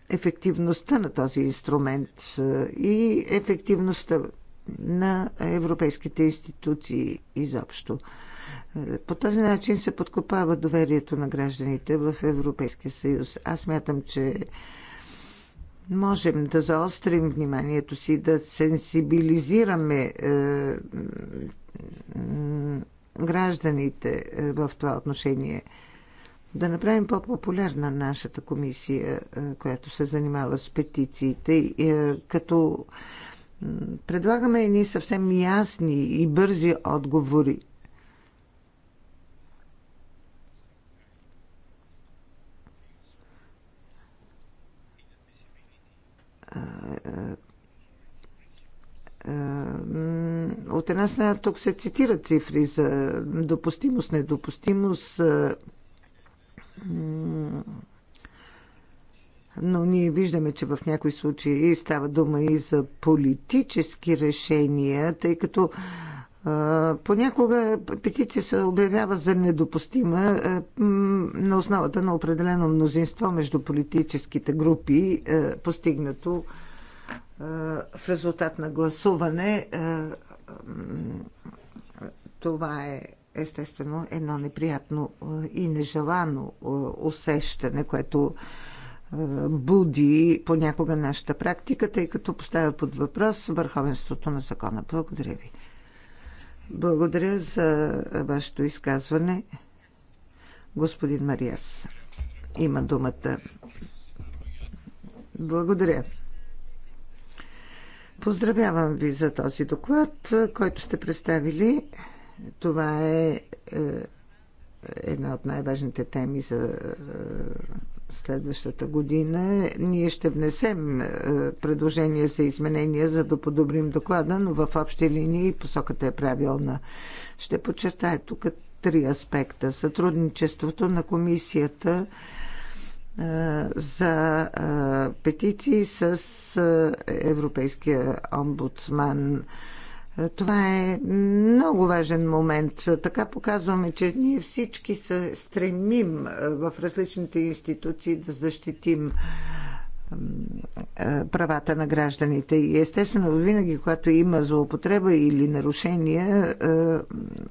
ефективността на този инструмент е, и ефективността на европейските институции изобщо. Е, по този начин се подкопава доверието на гражданите в Европейския съюз. Аз мятам, че можем да заострим вниманието си, да сенсибилизираме е, гражданите в това отношение – да направим по-популярна нашата комисия, е, която се занимава с петициите, е, като предлагаме едни съвсем ясни и бързи отговори. Е, от една страна тук се цитират цифри за допустимост, недопустимост, но ние виждаме, че в някои случаи става дума и за политически решения, тъй като понякога петиция се обявява за недопустима на основата на определено мнозинство между политическите групи, постигнато в резултат на гласуване. Това е естествено едно неприятно и нежелано усещане, което буди понякога нашата практика, тъй като поставя под въпрос върховенството на закона. Благодаря ви. Благодаря за вашето изказване. Господин Мариас има думата. Благодаря. Поздравявам ви за този доклад, който сте представили. Това е, е една от най-важните теми за е, следващата година. Ние ще внесем е, предложения за изменения, за да подобрим доклада, но в общи линии посоката е правилна. Ще подчертая тук три аспекта. Сътрудничеството на комисията за петиции с Европейския омбудсман – това е много важен момент. Така показваме, че ние всички се стремим е, в различните институции да защитим е, правата на гражданите. И естествено, винаги, когато има злоупотреба или нарушение,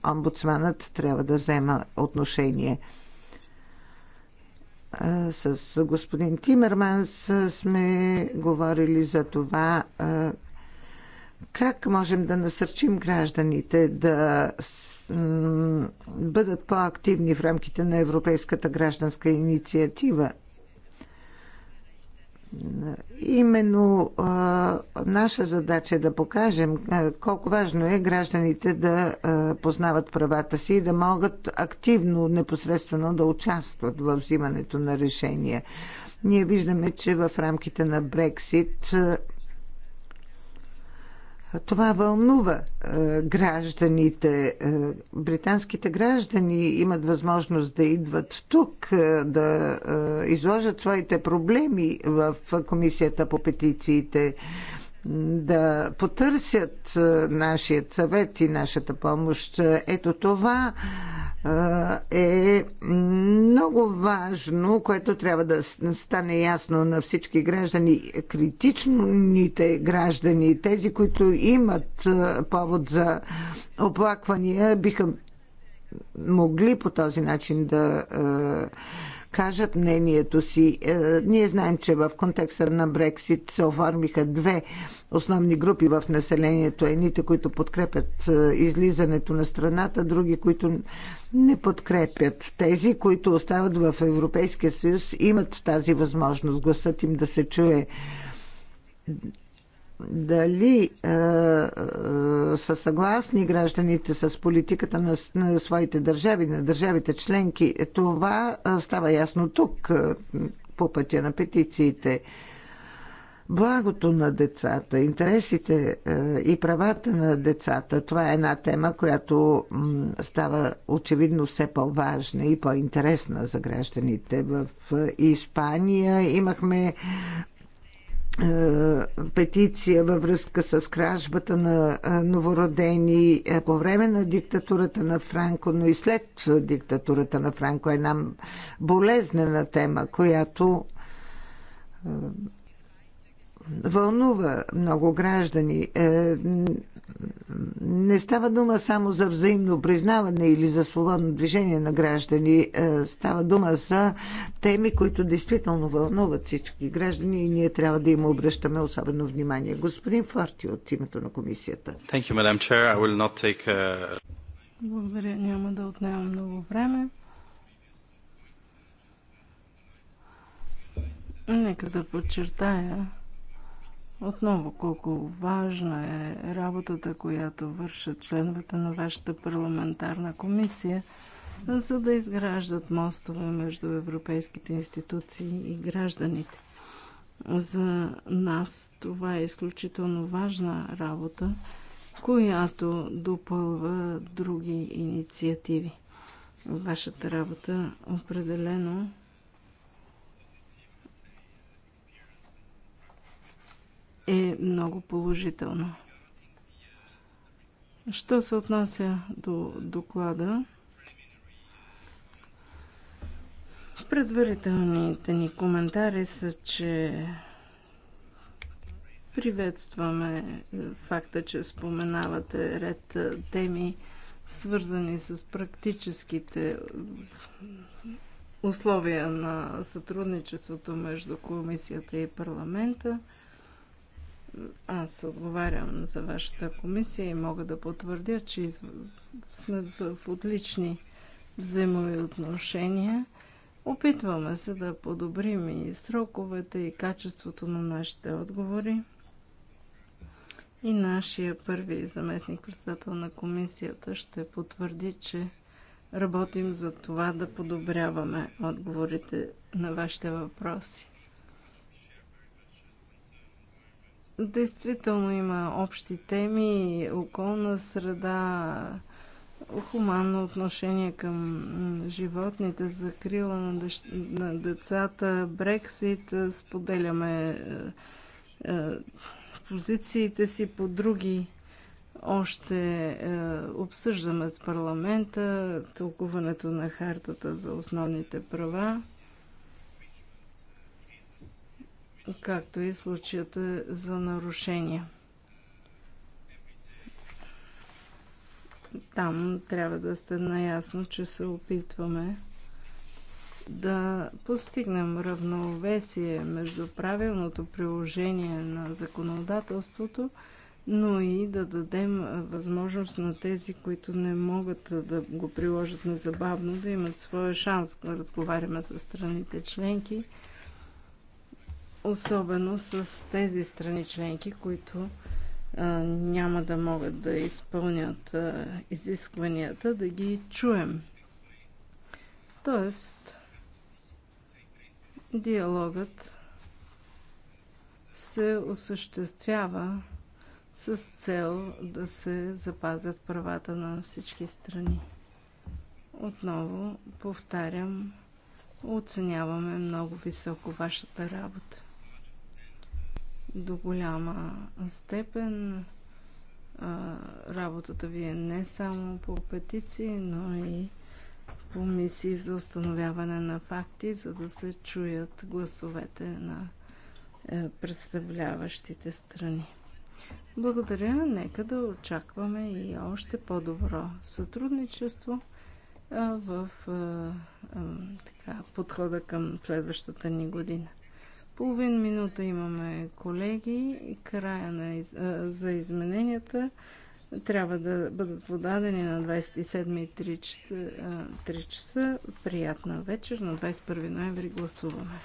омбудсманът трябва да взема отношение. Е, с господин Тимерманс сме говорили за това как можем да насърчим гражданите да бъдат по-активни в рамките на Европейската гражданска инициатива? Именно а, наша задача е да покажем а, колко важно е гражданите да а, познават правата си и да могат активно, непосредствено да участват в взимането на решения. Ние виждаме, че в рамките на Брексит това вълнува е, гражданите. Е, британските граждани имат възможност да идват тук, е, да изложат своите проблеми в Комисията по петициите, да потърсят нашия съвет и нашата помощ. Ето това е много важно, което трябва да стане ясно на всички граждани, критичните граждани, тези, които имат повод за оплаквания, биха могли по този начин да кажат мнението си. Е, ние знаем, че в контекста на Брексит се оформиха две основни групи в населението. Едните, които подкрепят е, излизането на страната, други, които не подкрепят. Тези, които остават в Европейския съюз, имат тази възможност гласът им да се чуе дали са съгласни гражданите с политиката на, на своите държави, на държавите членки, това става ясно тук, по пътя на петициите. Благото на децата, интересите и правата на децата, това е една тема, която м, става очевидно все по-важна и по-интересна за гражданите. В Испания имахме е, петиция във връзка с кражбата на е, новородени е, по време на диктатурата на Франко, но и след диктатурата на Франко. Една болезнена тема, която вълнува много граждани не става дума само за взаимно признаване или за свободно движение на граждани. Е, става дума за теми, които действително вълнуват всички граждани и ние трябва да им обръщаме особено внимание. Господин Форти от името на комисията. Uh, Благодаря, няма да отнема много време. Нека да подчертая, отново колко важна е работата, която вършат членовете на вашата парламентарна комисия, за да изграждат мостове между европейските институции и гражданите. За нас това е изключително важна работа, която допълва други инициативи. Вашата работа определено е много положително. Що се отнася до доклада, предварителните ни коментари са, че приветстваме факта, че споменавате ред теми, свързани с практическите условия на сътрудничеството между комисията и парламента – аз отговарям за вашата комисия и мога да потвърдя, че сме в отлични взаимоотношения. Опитваме се да подобрим и сроковете, и качеството на нашите отговори. И нашия първи заместник председател на комисията ще потвърди, че работим за това да подобряваме отговорите на вашите въпроси. Действително има общи теми, околна среда, хуманно отношение към животните, закрила на, дъщ... на децата, Брексит, споделяме е, е, позициите си по други още е, обсъждаме с парламента тълкуването на хартата за основните права. както и случаята е за нарушения. Там трябва да сте наясно, че се опитваме да постигнем равновесие между правилното приложение на законодателството, но и да дадем възможност на тези, които не могат да го приложат незабавно, да имат своя шанс. да Разговаряме с страните членки особено с тези страни членки, които няма да могат да изпълнят изискванията, да ги чуем. Тоест, диалогът се осъществява с цел да се запазят правата на всички страни. Отново повтарям, оценяваме много високо вашата работа до голяма степен работата ви е не само по петиции, но и по мисии за установяване на факти, за да се чуят гласовете на е, представляващите страни. Благодаря, нека да очакваме и още по-добро сътрудничество в така, подхода към следващата ни година. Половин минута имаме, колеги. Края на из... за измененията трябва да бъдат подадени на 27.3 и 3 часа. Приятна вечер. На 21 ноември гласуваме.